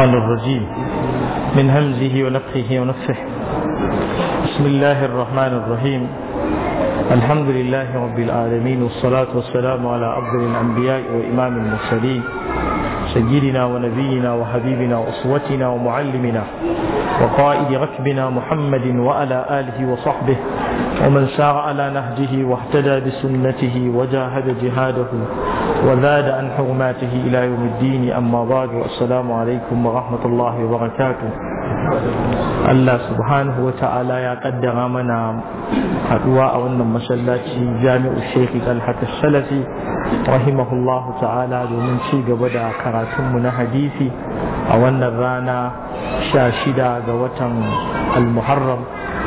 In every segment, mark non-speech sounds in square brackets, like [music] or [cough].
الرحمن الرجيم من همزه ونفخه ونفخه بسم الله الرحمن الرحيم الحمد لله رب العالمين والصلاة والسلام على أفضل الأنبياء وإمام المرسلين سيدنا ونبينا وحبيبنا وأسوتنا ومعلمنا وقائد ركبنا محمد وعلى آله وصحبه ومن سار على نهجه واهتدى بسنته وجاهد جهاده وزاد عن حرماته إلى يوم الدين أما بعد والسلام عليكم ورحمة الله وبركاته Allah subhanahu wa ta'ala ya kaddara mana haduwa a wannan masallaci jami'u Sheikh Talhat Salafi rahimahullahu ta'ala domin ci gaba da karatunmu na hadisi a wannan rana sha shida ga watan Al-Muharram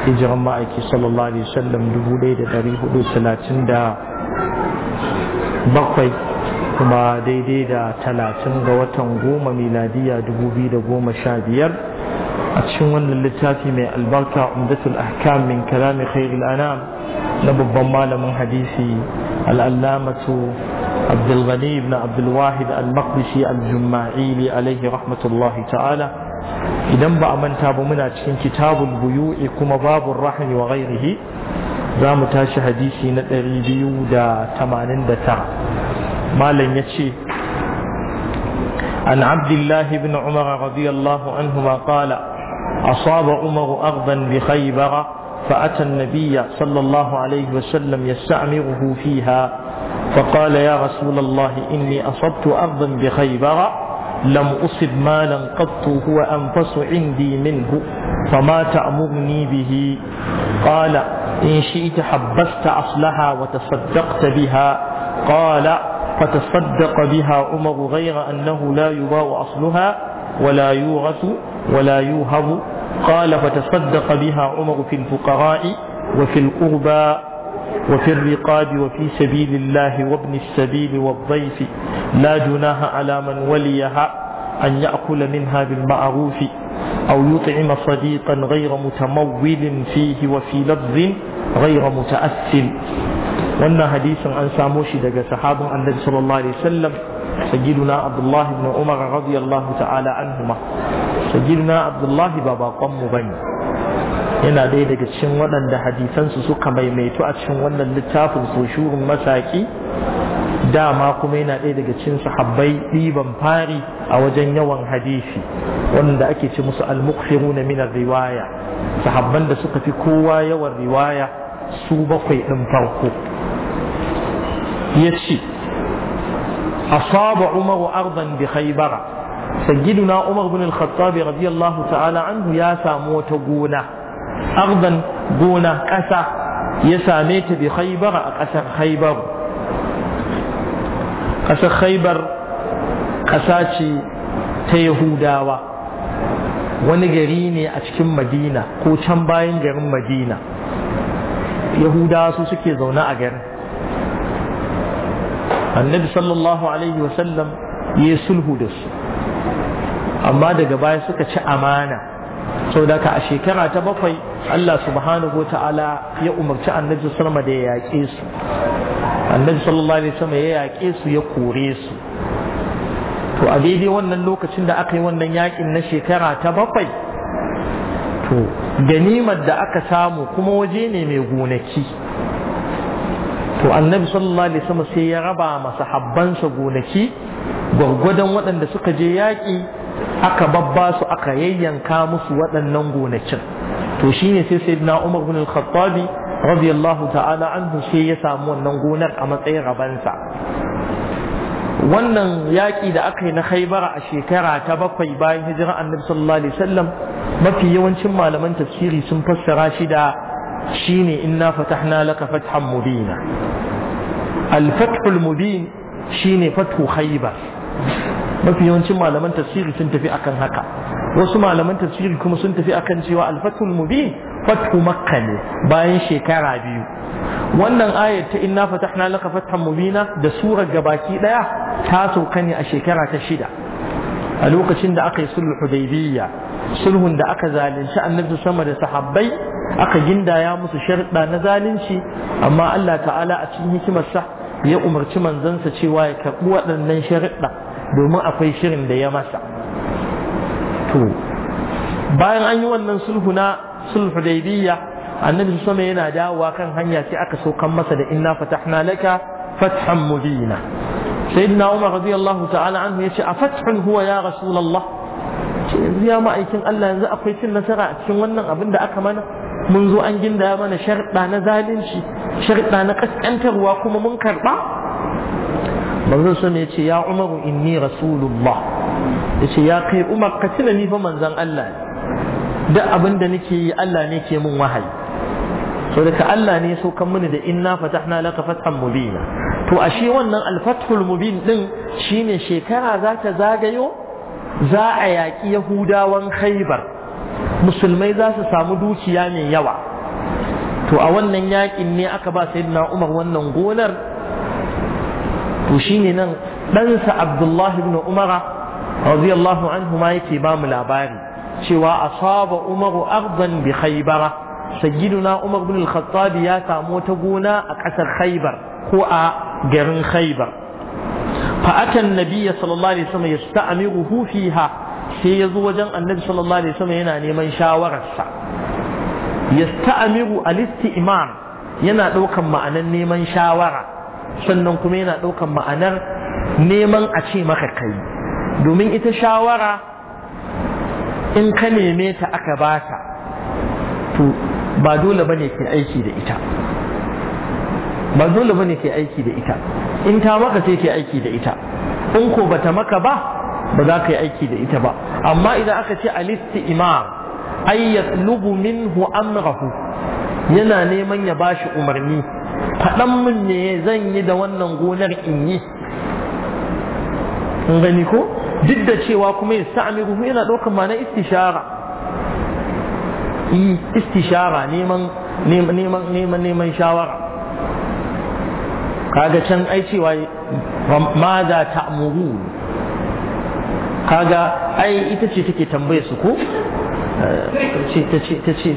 hijiran ma'aiki sallallahu alaihi wasallam 1437 kuma daidai da talatin ga watan goma miladiya dubu biyu da goma sha biyar a cikin wannan littafi mai albarka umdatul ahkam min kalamin khairul anam na babban malamin hadisi al'allamatu abdul ghani ibn abdul al maqdisi al jumma'ili alaihi rahmatullahi ta'ala idan ba a manta ba muna cikin kitabul buyu'i kuma babul rahmi wa ghairihi za mu tashi hadisi na ɗari biyu da da tamanin ta malam ya عن عبد الله بن عمر رضي الله عنهما قال أصاب عمر أرضا بخيبر فأتى النبي صلى الله عليه وسلم يستعمره فيها فقال يا رسول الله إني أصبت أرضا بخيبر لم أصب مالا قط هو أنفس عندي منه فما تأمرني به قال إن شئت حبست أصلها وتصدقت بها قال فتصدق بها عمر غير أنه لا يباع أصلها ولا يورث ولا يوهب قال فتصدق بها عمر في الفقراء وفي القربى وفي الرقاب وفي سبيل الله وابن السبيل والضيف لا جناها على من وليها أن يأكل منها بالمعروف أو يطعم صديقا غير متمول فيه وفي لفظ غير متأثل wannan hadisin an samo shi daga sahabin annabi sallallahu alaihi wasallam sayyiduna abdullahi ibn umar radiyallahu ta'ala anhuma sayyiduna abdullahi ba bakon mu bane yana ɗaya daga cikin waɗanda hadisansu suka maimaitu a cikin wannan littafin soshurin masaki dama kuma yana ɗaya daga cikin sahabbai ɗiban fari a wajen yawan hadisi wanda ake ce musu al-mukhfiruna min riwaya sahabban da suka fi kowa yawan riwaya su bakwai ɗin farko ya ce asaba umaru ardan bi khaybara na umar bin al-khattab radiyallahu ta'ala anhu ya samu wata gona ardan gona ƙasa ya same ta bi khaybara a ƙasar khaybar ƙasar khaybar ƙasa ce ta yahudawa wani gari ne a cikin madina ko can bayan garin madina yahudawa su suke zaune a garin annabi sallallahu alaihi wasallam ya sulhu da su amma daga baya suka ci amana saboda ka a shekara ta bakwai Allah subhanahu ta'ala ya umarci annabi sallama da ya yaƙe su annabi sallallahu alaihi wasallam ya yaƙe su ya kore su to a daidai wannan lokacin da aka yi wannan yaƙin na shekara ta bakwai to ganimar da aka samu kuma waje ne mai gonaki to annabi sallallahu alaihi wasallam sai ya raba masa habbansa gonaki gwargwadon waɗanda suka je yaƙi aka babba su aka yayyanka musu waɗannan gonakin to shine sai sayyidina Umar bin al khattab radiyallahu ta'ala anhu sai ya samu wannan gonar a matsayin rabansa wannan yaƙi da aka yi na khaibara a shekara ta bakwai bayan hijira annabi sallallahu alaihi wasallam mafi yawancin malaman tafsiri sun fassara shi da shine inna fatahna laka fathan mubina al-fathul mubin shine fathu khaybar mafi yawancin malaman tafsiri sun tafi akan haka wasu malaman tafsiri kuma sun tafi akan cewa al-fathul mubin fathu makka ne bayan shekara biyu wannan ayar ta inna fatahna laka fathan mubina da sura gabaki daya ta sauka ne a shekara ta shida a lokacin da aka yi sulhu hudaybiyya sulhun da aka zalunci annabi sama da sahabbai aka gindaya musu sharɗa na zalunci amma Allah ta'ala a cikin hikimarsa ya umarci manzansa cewa ya karɓi waɗannan sharɗa domin akwai shirin da ya masa to bayan an yi wannan sulhu na sulhu daidiyya annabi sama yana dawowa kan hanya sai aka kan masa da inna fatahna laka fathan mubina sayyidina umar radiyallahu ta'ala anhu yace a fathun huwa ya rasulullah ce yanzu ya ma'aikin Allah yanzu akwai cin nasara a cikin wannan abin da aka mana mun zo an ginda mana sharɗa na zalunci sharɗa na ƙasƙantarwa kuma mun karɓa manzon sun ya ce ya umaru inni rasulullah ya ce ya kai umar ka tuna ni fa manzon Allah duk abin da nake yi Allah ne ke mun wahayi saboda ka Allah ne so kan mini da inna fatahna laka fathan mubina to ashe wannan alfathul mubin din shine shekara za ta zagayo za a yaƙi yahudawan khaibar musulmai za su samu dukiya mai yawa to a wannan yaƙin ne aka ba na umar wannan gonar to ne nan ɗansa abdullahi ibn Umar, radiyallahu anhu ma yake ba mu labari cewa saba umaru ardan bi khaybara sayyiduna umar bin al-khattab ya samu wata gona a ƙasar khaibar ko a garin khaibar فأتى النبي صلى الله عليه وسلم يستعمره فيها sai ya zo wajen annabi sallallahu alaihi wasallam yana neman shawararsa yasta'miru alisti imam yana daukan ma'anar neman shawara sannan kuma yana daukan ma'anar neman a ce maka kai domin ita shawara in ka neme ta aka ta, to ba dole bane ke aiki da ita ba dole bane ke aiki da ita in ta maka sai ke aiki da ita in ko bata maka ba ba za ka yi aiki da ita ba amma idan aka ce alisti imam ay yatlubu minhu amrahu yana neman ya bashi umarni faɗan mun ne zan yi da wannan gonar in yi in gani ko duk da cewa kuma ya yana ɗaukar ma na istishara istishara neman neman neman neman shawara kaga can ai cewa ma za kaga ita ce take tambaye su ko eh, ce ta ce ta ce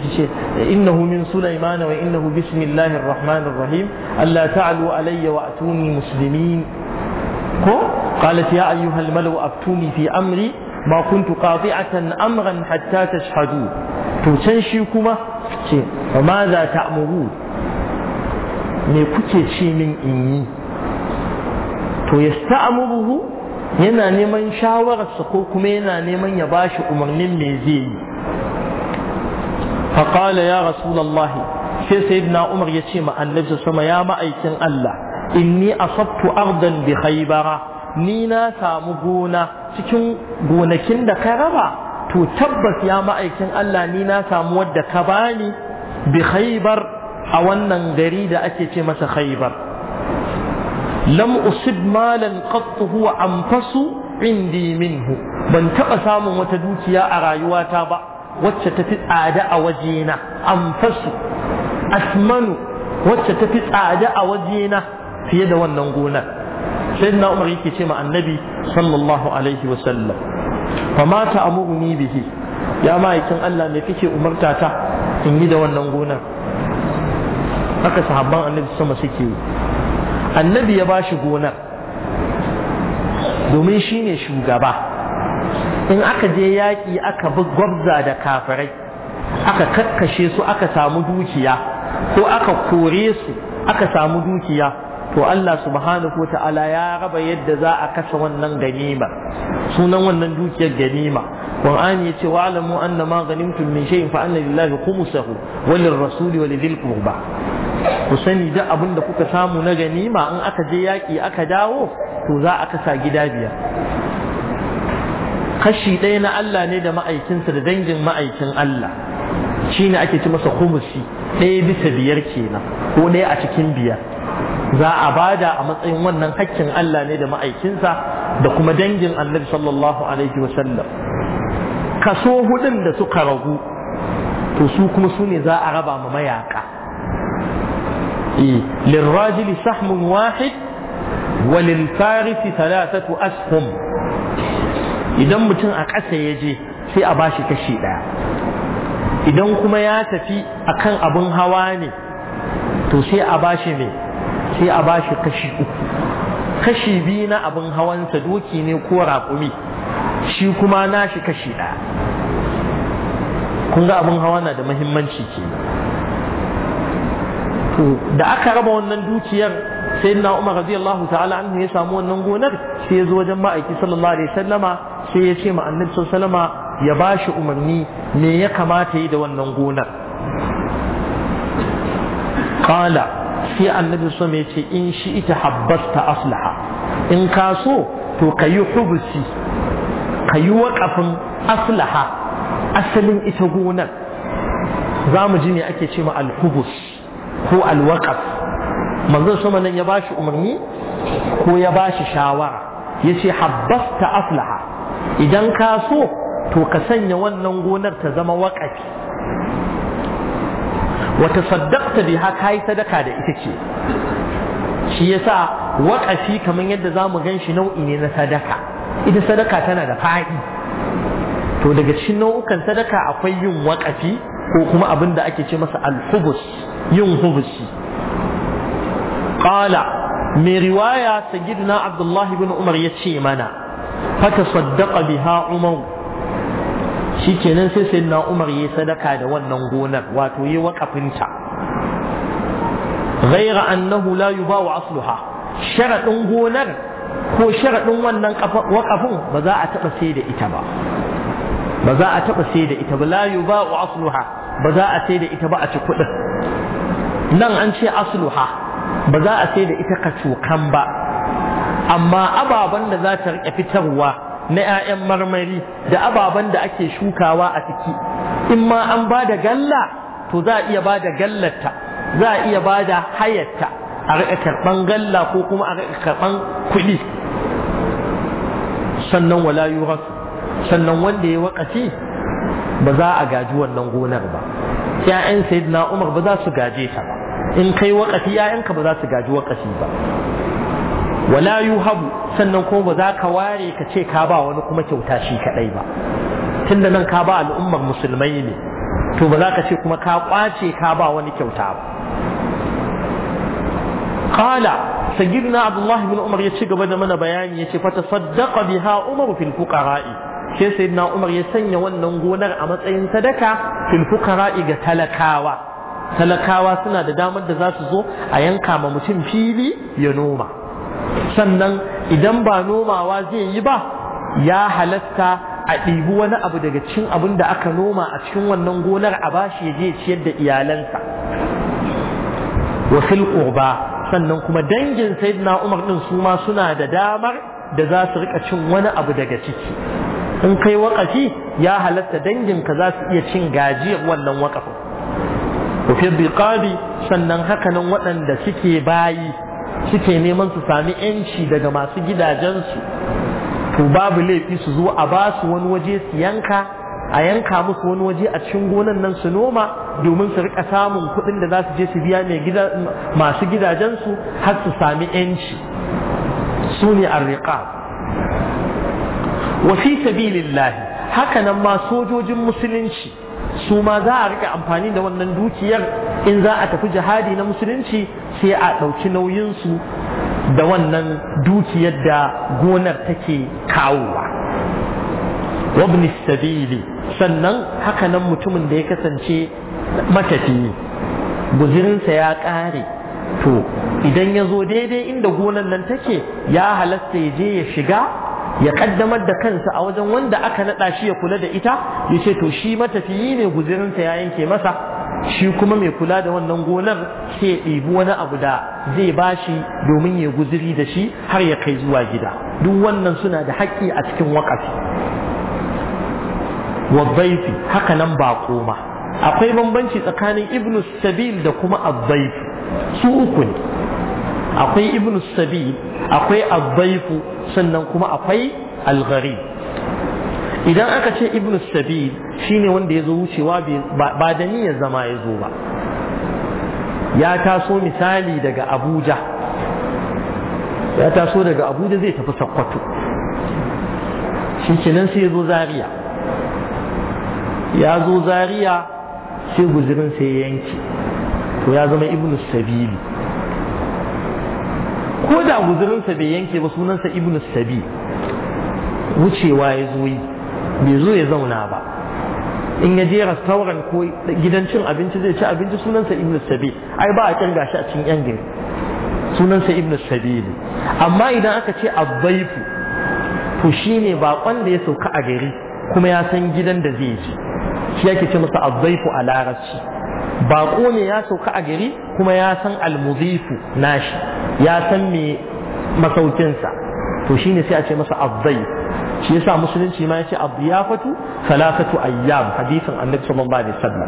min sulaimana wa innahu rahmanir rahim Allah ta'alu alayya wa atuni muslimin ko qalat ya ayyuhal malu aftuni fi amri ma kuntu qati'atan amran hatta tashhadu to can shi kuma ce ma za ta'muru me kuke ce min in yi to ya sta'amuruhu yana neman shawararsa ko kuma yana neman ya bashi umarnin me zai yi فقال يا رسول الله sai sayyidina Umar ya ce ma annabi sama ya ma'aikin Allah inni asabtu ardan bi khaybara ni na samu gona cikin gonakin da ka raba to tabbas ya ma'aikin Allah ni na samu wadda ka bani bi khaybar a wannan gari da ake ce masa khaibar lam usib malan qattu huwa anfasu indi minhu ban taba samun wata dukiya a rayuwata ba wacce ta fi tsada a wajena anfasu asmanu wacce ta fi tsada a wajena fiye da wannan gonar sai na umar yake ce ma annabi sallallahu alaihi wasallam fa ma ta'muruni bihi ya ma'aikin Allah me kake umarta ta in yi da wannan gonar haka sahabban annabi sama suke yi annabi ya bashi gonar domin shi ne shugaba in aka je yaƙi aka bi gwabza da kafirai aka kakkashe su aka samu dukiya ko aka kore su aka samu dukiya to Allah subhanahu ta'ala ya raba yadda za a kasa wannan ganima sunan wannan dukiyar ganima Qur'ani yace ce, alamu anna ma ghanimtum min shay'in fa anna lillahi khumsahu wa lirrasuli wa lidhil qurba ku sani duk abin da kuka samu na ganima in aka je yaƙi aka dawo to za a kasa gida biyar kashi ɗaya na Allah ne da ma'aikinsa da dangin ma'aikin Allah shi ne ake ci masa kumusi ɗaya bisa biyar kenan ko ɗaya a cikin biyar za a bada a matsayin wannan hakkin Allah ne da ma'aikinsa da kuma dangin annabi sallallahu alaihi wasallam kaso hudun da suka ragu to su kuma su ne za a raba ma mayaka للراجل سهم واحد وللفارس ثلاثة أسهم idan mutum a ƙasa ya je sai a bashi kashi ɗaya idan kuma ya tafi kan abin hawa ne to sai a bashi me sai a bashi kashi uku kashi biyu na abin hawansa doki ne ko raƙumi shi kuma nashi kashi ɗaya kun ga abin hawa na da muhimmanci ke to da aka raba wannan dukiyar sai na umar radiyallahu ta'ala an ya samu wannan gonar sai ya zo wajen ma'aiki sallallahu alaihi sallama sai ya ce ma annabi sallama ya ba shi umarni me ya kamata yi da wannan gonar qala sai annabi sallama ya ce in shi ita habbasta aslaha in ka so to ka yi hubusi ka kayi waƙafin aslaha asalin ita gonar za mu ji ne ake ce ma alhubus ko alwaqaf manzon sama nan ya bashi umarni ko ya bashi shawara yace habbasta aflaha idan ka so to ka sanya wannan gonar ta zama waƙafi wata saddaqta biha kai sadaka da ita ce shi yasa waƙafi kamar yadda zamu gan shi nau'i ne na sadaka ita sadaka tana da fa'i to daga cikin nau'ukan sadaka akwai yin waƙafi ko kuma abin da ake ce masa alhubus yin hubusi qala mai riwaya sayyidina abdullahi bin umar ya ce mana fata saddaqa biha umar shikenan sai sai na umar ya sadaka da wannan gonar wato ya wakafinta ghaira annahu la wa asluha sharadin gonar ko sharadin wannan wakafin ba za a taɓa sai da ita ba ba za a taɓa sai da ita ba la wa asluha ba za a sai da ita ba a ci kuɗin nan an ce asluha ba za a sai da ita ka cokan ba amma ababan da za ta rike fitarwa na 'ya'yan marmari da ababan da ake shukawa a ciki in ma an ba da galla to za a iya ba da gallarta za a iya ba da hayatta a riƙa karɓan galla ko kuma a riƙa karɓan kuɗi sannan wala sannan wanda ya wakace ba za a gaji wannan gonar ba Ya'yan sayyidina umar ba za su gaje ta ba in kai waƙafi ya'yanka ba za su gaji wakati ba wala yuhabu sannan kuma ba za ka ware ka ce ka ba wani kuma kyauta shi kadai ba tunda nan ka ba al'ummar musulmai ne to ba za ka ce kuma ka kwace ka ba wani kyauta ba qala sayyidina abdullahi bin umar ya ci gaba da mana bayani yace fa tasaddaqa biha umar fil fuqara'i sai sayyidina Umar ya sanya wannan gonar a matsayin sadaka fil fuqara'i ga talakawa talakawa suna da damar da za su zo a yanka ma mutum fili ya noma sannan idan ba nomawa zai yi ba ya halatta a ɗibi wani abu daga cikin abin da aka noma a cikin wannan gonar a bashi ya je ciyar da iyalansa wasil fil sannan kuma dangin sayyidina Umar din suna da damar da za su riƙa cin wani abu daga ciki in kai wakafi ya halatta danginka za su iya cin gajiyar wannan wakafin fi biqabi sannan hakanan waɗanda suke bayi suke neman su sami yanci daga masu gidajensu to babu laifi su zo a ba su wani waje su yanka a yanka musu wani waje a cikin gonan nan su noma domin su rika samun kuɗin da za su je su biya mai gida masu gidajensu har su sami yanci su ne wa fi sabilillah haka nan ma sojojin musulunci su ma za a rika amfani da wannan dukiyar in za a tafi jihadi na musulunci sai a ɗauki nauyinsu da wannan dukiyar da gonar take kawowa wabni sabili sannan haka nan mutumin da ya kasance matafi guzirinsa ya ƙare to idan ya zo daidai inda gonar nan take ya halasta ya je ya shiga ya kaddamar da kansa a wajen wanda aka naɗa shi ya kula da ita ya ce to shi matafiyi ne guzirinsa ya yanke masa shi kuma mai kula da wannan gonar sai ya ɗibi wani abu da zai ba shi domin ya guziri da shi har ya kai zuwa gida duk wannan suna da haƙƙi a cikin waƙafi wabbaifi haka nan ba koma akwai bambanci tsakanin ibnu sabil da kuma abbaifi su uku ne akwai ibn sabi akwai abbaifu sannan kuma akwai Algari idan aka ce ibn sabi shine wanda ya zo wucewa ba da niyyar zama ya zo ba ya taso misali daga abuja ya taso daga abuja zai tafi sakkwato shi nan sai ya zo zaria ya zo zaria sai guzirin sai yanki to ya zama ibn sabili ko da guzurinsa bai yanke ba sunansa ibn sabi wucewa ya zo yi bai zo ya zauna ba in ya je restaurant ko gidan cin abinci zai ci abinci sunansa ibn sabi ai ba a kirga gashi a cin yan gari sunansa ibn sabi ne amma idan aka ce abbaifu to shine bakon da ya sauka a gari kuma ya san gidan da zai je shi yake ce masa abbaifu a larabci bako ne ya sauka a gari kuma ya san almuzifu nashi ya san me masaukinsa to shine sai a ce masa azzai shi yasa musulunci ma ya abdiyafatu salasatu ayyam hadisin annabi sallallahu alaihi wasallam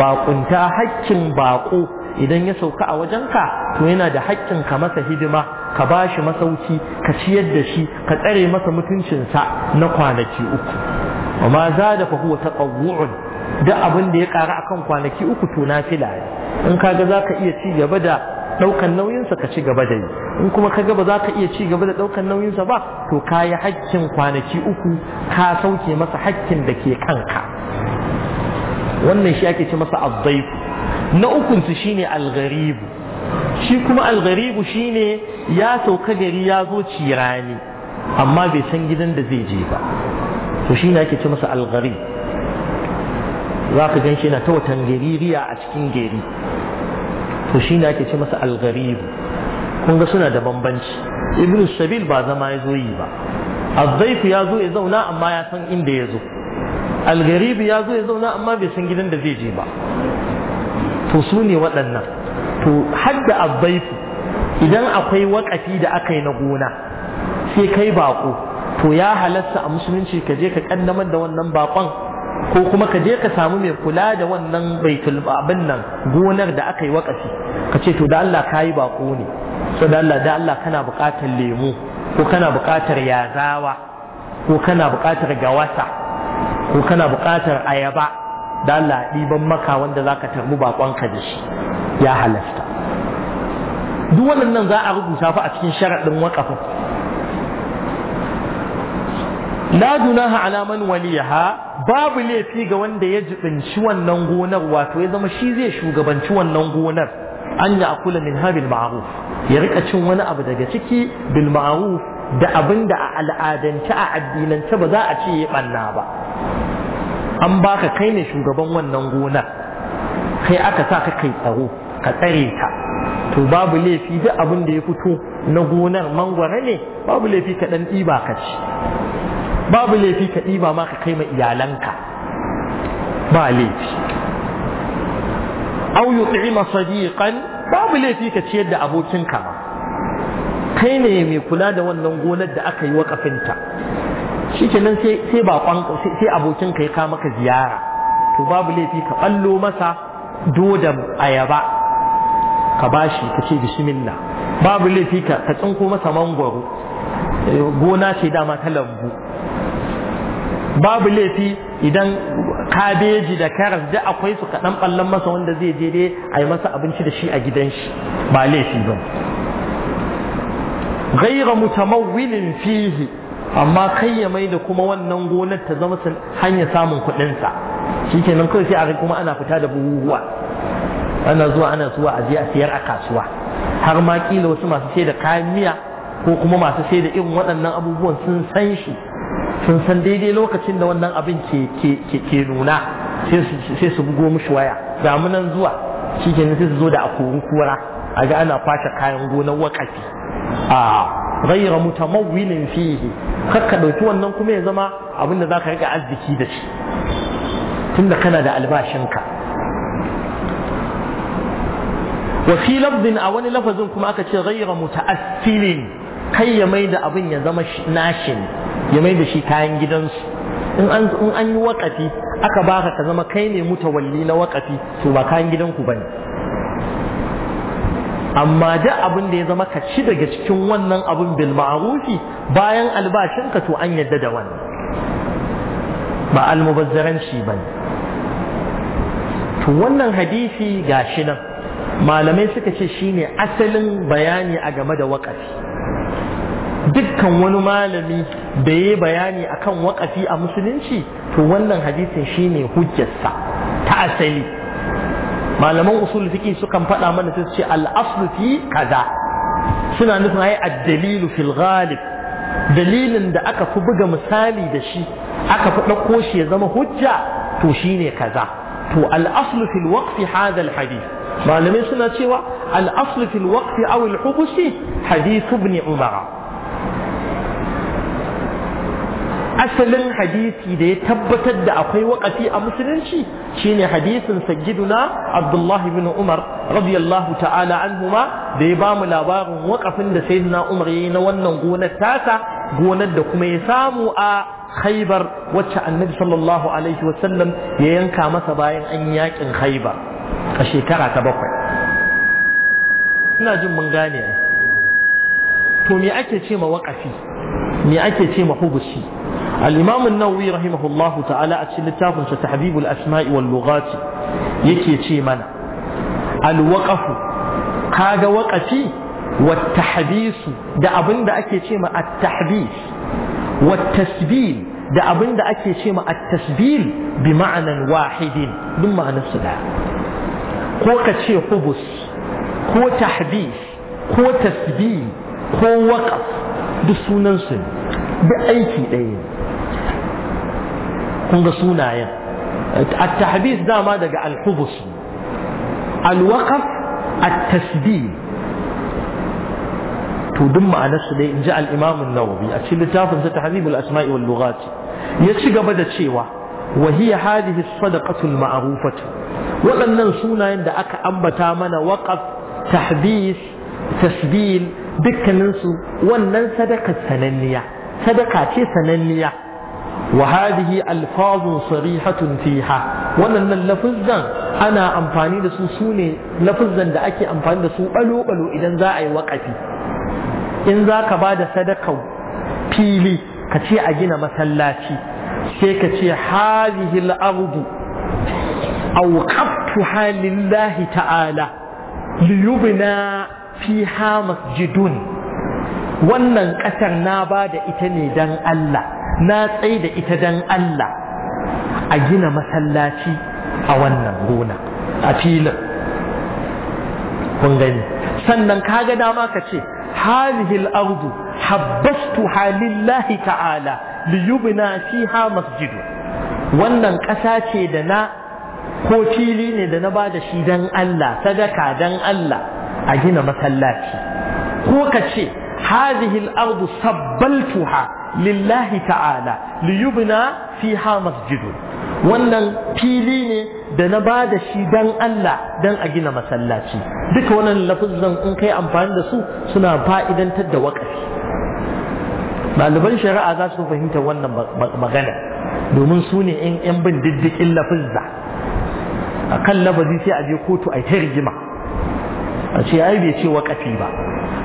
baƙunta haƙƙin baƙo idan ya sauka a wajen ka to yana da haƙƙin ka masa hidima ka bashi masauki ka ciyar da shi ka tsare masa mutuncin sa na kwanaki uku amma za da fa huwa taqawwu'un duk abin da ya ƙara akan kwanaki uku to nafila ne in kaga zaka iya ci gaba da ɗaukan nauyinsa ka ci gaba da yi in kuma ka gaba za ka iya ci gaba da ɗaukan nauyinsa ba to ka yi hakkin kwanaki uku ka sauke masa hakkin da ke kanka wannan shi ake ce masa azzaifu na ukunsu shine algaribu shi kuma algaribu ne ya sauka gari ya zo cirani amma bai san gidan da zai je ba to ne ake ce masa algarib za ka gan shi na ta watan geririya a cikin gari to shi ne ake ce masa algaribu kun ga suna da bambanci ibn shabil ba zama ya zo yi ba azzaifu ya zo ya zauna amma ya san inda ya zo algaribu ya zo ya zauna amma bai san gidan da zai je ba to su ne waɗannan to hadda azzaifu idan akwai wakafi da aka yi na gona sai kai baƙo, to ya halatta a musulunci ka je ka kaddamar da wannan bakon ko kuma ka je ka samu mai kula da wannan baitul abin nan gonar da aka yi wakafi ka ce to da Allah ka yi bako ne so da Allah da Allah kana buƙatar lemu ko kana buƙatar yazawa ko kana buƙatar gawasa ko kana buƙatar ayaba da Allah ɗiban maka wanda za ka bakon baƙonka da shi ya halasta duk wannan za a rubuta fa a cikin sharaɗin waƙafin la junaha ala man waliha babu laifi ga wanda ya jibinci wannan gonar wato ya zama shi zai shugabanci wannan gonar an ya kula min habil ma'ruf ya rika cin wani abu daga ciki bil ma'ruf da abinda a al'adance a addinance ba za a ce ya banna ba an baka kai ne shugaban wannan gonar kai aka sa ka kai tsaro ka tsare ta to babu laifi duk abin da ya fito na gonar mangwara ne babu laifi ka dan ɗiba ka ci babu laifi ka ɗiba ma ka kai ma iyalanka ba laifi au yut'ima sadiqan babu laifi ka ciyar da abokinka ma kai ne mai kula da wannan gonar da aka yi wa shikenan sai sai sai abokinka ya ka maka ziyara to babu laifi ka ballo masa dodan ayaba ka bashi ka ce bismillah babu laifi ka tsinko masa mangwaro eh, gona ce dama ta lambu babu laifi idan kabeji da karas da akwai su kaɗan ɓallon masa wanda zai je dai a yi masa abinci da shi a gidan shi ba laifi ba gaira mutamawilin fihi amma kai ya mai da kuma wannan gonar ta zama hanyar samun kuɗinsa shi nan kawai sai a kuma ana fita da buhuhuwa ana zuwa ana zuwa a je a siyar a kasuwa har ma kila wasu masu sai da kayan miya ko kuma masu sai da irin waɗannan abubuwan sun san shi sun san daidai lokacin da wannan abin ke nuna sai su bugo mashi waya munan zuwa shi ke sai su zo da akorin kura a ga ana kwashe kayan gonar wakafi a ghaira mutamawwilin fiye kakka dauki wannan kuma ya zama abin da za ka riƙa arziki da shi tunda kana da albashinka wa fi lafzin a wani lafazin kuma aka ce ta muta'assilin kai ya mai da abin ya zama nashin ya mai da shi kayan gidansu in an yi wakafi aka baka ka zama kai ne mutawalli na wakafi to ba kayan gidanku ne. amma da abin da ya zama ka ci daga cikin wannan abin bil ma'arufi bayan albashinka to an yadda da wannan ba almubazzaranci bane to wannan hadisi ga shi nan malamai suka ce shi ne asalin bayani a game da wakafi dukkan wani malami da ya bayani akan waƙafi a musulunci to wannan hadisin shine hujjarsa ta asali malaman usul fiqi sukan faɗa mana sai su ce al fi kaza suna nufin ai ad-dalilu fil ghalib dalilin da aka fi buga misali da shi aka fi ɗauko shi ya zama hujja to shine kaza to al-aslu fil waqfi hadha al-hadith malamai suna cewa al-aslu fil waqfi aw al-hubusi hadith ibn umara asalin hadisi da ya tabbatar da akwai waƙafi a musulunci shine hadisin sayyiduna abdullahi bin umar radiyallahu ta'ala anhuma da ya bamu labarin wakafin da sayyiduna umar yayi na wannan gonar tasa gonar da kuma ya samu a khaybar wacce annabi sallallahu alaihi wasallam ya yanka masa bayan an yakin khaybar a shekara ta bakwai ina jin mun gane to me ake ce ma waƙafi me ake ce ma hubushi al-imam an-nawawi rahimahullahu ta'ala a cikin littafin sa tahdhibul asma'i wal lughati yake ce mana al-waqf kaga waqafi wa tahbisu da abinda ake ce ma at-tahbis wa tasbil da abinda ake ce ma at-tasbil bi ma'anan wahidin duk ma'anar da ko ka ce hubus ko tahdis ko tasbih ko waqaf duk sunansu duk aiki ɗaya ne كن رسولا يا التحديث ده ما دق الحبس الوقف التسبيح تدم على سدي جاء الإمام النووي أشيل تافن تحذيب الأسماء واللغات يشجع بدأ شيوة وهي هذه الصدقة المعروفة وقلنا نسونا عند أك أمبتا من وقف تحديث تسبيل دك ننسو وننسدك السننية صدقة سننية, سدقة سننية وهذه الفاظ صريحة فيها wannan nan lafizan ana amfani da su su da ake amfani da su balo-balo idan za a yi waƙafi in za ka ba da sadakau fili ka ce a gina masallaci sai ka ce hazihi al'ardu aw qattu ta'ala li yubna fiha masjidun wannan ƙasar na ba da ita ne dan Allah na tsaye da ita dan Allah a gina masallaci a wannan gona a filin kun gani sannan kaga dama ka ce halihil ardu habbastu halillahi ta'ala liyubna fiha masjidu wannan ƙasa ce da na ko fili ne da na ba da shi dan Allah sadaka dan Allah a gina masallaci ko ka ce hadhihi al-ardu sabbaltuha lillahi ta'ala liyubna fiha masjidu wannan fili ne da na ba da shi dan Allah dan a gina masallaci duka wannan lafazin in kai amfani da su suna fa'idantar da waƙafi ɗaliban shari'a za su fahimta wannan magana domin su ne ‘yan bin diddikin lafizza a kan lafazi sai a je kotu a ta rigima a ce ai bai ce waƙafi ba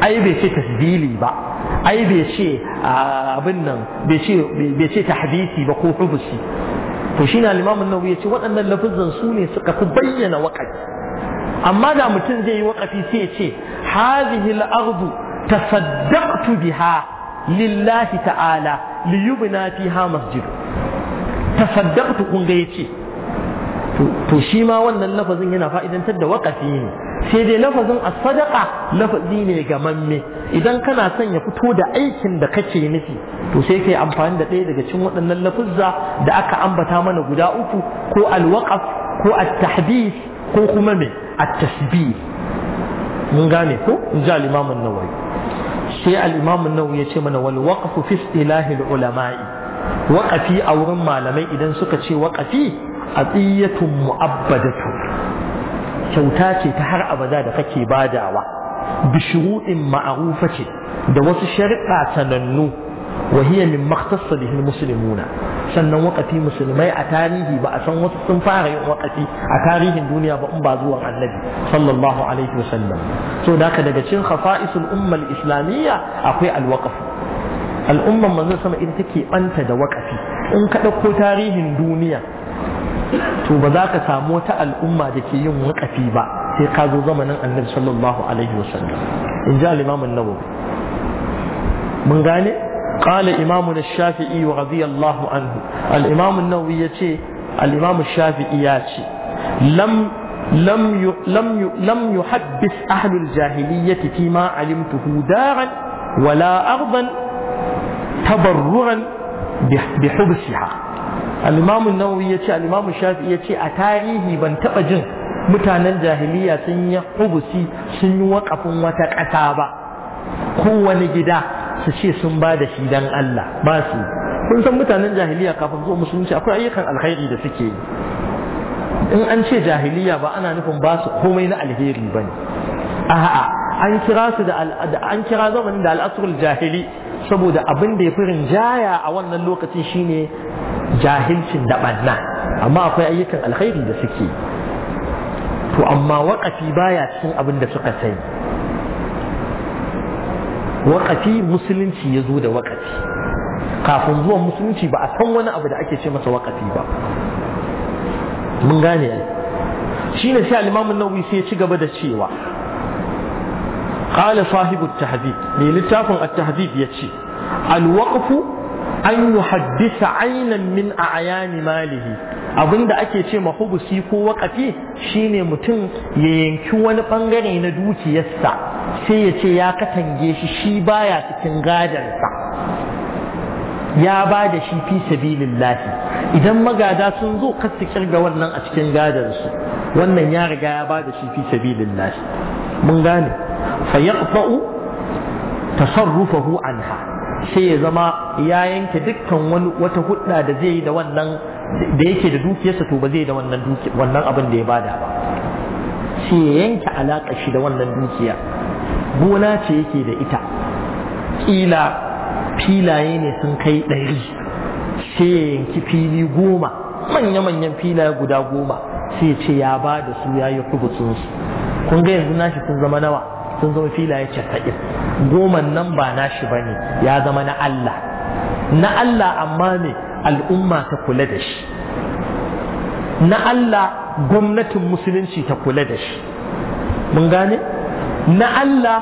ai bai ce tasbili ba ai bai ce abin nan bai ce tahdisi ba ko hubusi to shi na limamin nan ya ce waɗannan lafizan su ne suka fi bayyana waƙafi amma da mutum zai yi waƙafi sai ya ce hadhihi ta ardu tasaddaqtu biha lillahi ta'ala liyubna fiha masjid tasaddaqtu kun ga yace to shi ma wannan lafazin yana fa'idantar da waƙafi ne sai dai lafazin a sadaqa lafazi ne ga mamme. idan kana son ya fito da aikin da kake nufi to sai kai amfani da ɗaya daga cikin waɗannan lafuzza da aka ambata mana guda uku ko al ko at-tahdith ko kuma me at-tasbih mun gane ko in ji al-imam an sai al-imam ya ce mana wal waqfu fi istilahi al-ulama'i waqafi a wurin malamai idan suka ce waqafi atiyatun mu'abbadatu kyauta ce ta har abada da kake badawa bishuru'in ma'arufa ce da wasu shari'a sanannu wa hiya min makhtassa bihi muslimuna sannan waƙafi musulmai a tarihi ba a san wasu sun fara yin waƙafi a tarihin duniya ba in ba zuwan annabi sallallahu alaihi wasallam so da haka daga cikin khafa'isul ummal islamiyya akwai alwaqaf al'umman manzon sama ita take banta da waƙafi in ka ɗauko tarihin duniya to ba za ka samu wata al'umma da ke yin wakafi ba sai ka zo zamanin annabi sallallahu alaihi wasallam in ji al-imam an-nawawi mun gane قال إمامنا الشافعي رضي الله عنه الإمام النووي الإمام الشافعي يتي لم لم لم لم يحدث أهل الجاهلية فيما علمته دارا ولا أرضا تبرعا بحبسها al-imamu ya yace al shafi ya yace a tarihi ban taba jin mutanen jahiliya sun yi hubusi sun yi wakafin wata ƙasa ba kowane gida su ce sun ba da shi dan Allah ba su kun san mutanen jahiliya kafin zuwa musulunci akwai ayyukan alkhairi da suke yi in an ce jahiliya ba ana nufin ba su komai na alheri ba ne a'a an kira su da an kira zamanin da al'asrul jahili saboda abin da ya fi rinjaya a wannan lokacin shine jahilcin da ɓanna amma akwai ayyukan alkhairi da suke to amma waƙafi baya cikin abin da suka sai waƙafi musulunci ya zo da waƙafi kafin zuwan musulunci ba a san wani abu da ake ce masa waƙafi ba mun gane shi ne sai alimamin nauyi sai ya ci gaba da cewa qala sahibu at-tahdhib mai littafin at-tahdhib yace al-waqf an yuhaddisa aynan min a'yani malihi abinda ake ce ma hubusi ko waqafi shine mutum ya yanki wani bangare na dukiyarsa sai yace ya katange shi shi baya cikin gadansa ya ba da shi fi idan magada sun zo kar su kirga wannan a cikin gadansu wannan ya riga ya ba da shi fi mun gane fa yaqta'u tasarrufahu anha sai ya zama ya yanke dukkan wani wata hudda da zai yi da wannan da yake da dukiyarsa to ba zai da wannan wannan abin da ya bada ba sai ya yanke alaƙa shi da wannan dukiya gona ce yake da ita kila filaye ne sun kai ɗari sai ya yanki fili goma manya-manyan filaye guda goma sai ce ya ba da su ya yi kubutsunsu kun ga yanzu nashi sun zama nawa sun zama filaye casa'in goman nan ba shi ba ne ya zama na Allah na Allah amma ne al'umma ta kula da shi na Allah gwamnatin musulunci ta kula da shi mun gane na Allah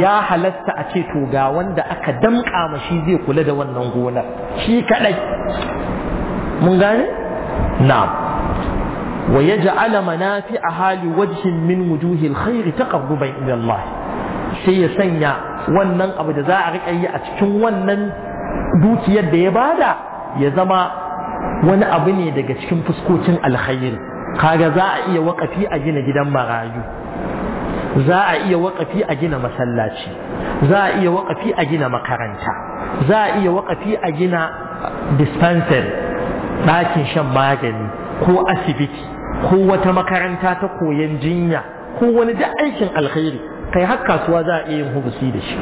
ya halatta a ce to ga wanda aka damƙa ma shi zai kula da wannan gonar shi kaɗai mun gane na'am Wa ويجعل منافعها لوجه من وجوه الخير تقربا إلى الله sai ya sanya wannan abu da za a riƙa yi a cikin wannan dukiyar da ya bada ya zama wani abu ne daga cikin fuskocin alkhairi kaga za a iya wakafi a gina gidan marayu za a iya wakafi a gina masallaci za a iya wakafi a gina makaranta za a iya wakafi a gina dispensary ɗakin shan magani ko asibiti ko wata makaranta ta koyan jinya ko wani da aikin alkhairi kai har kasuwa za a iya yin hubusi da shi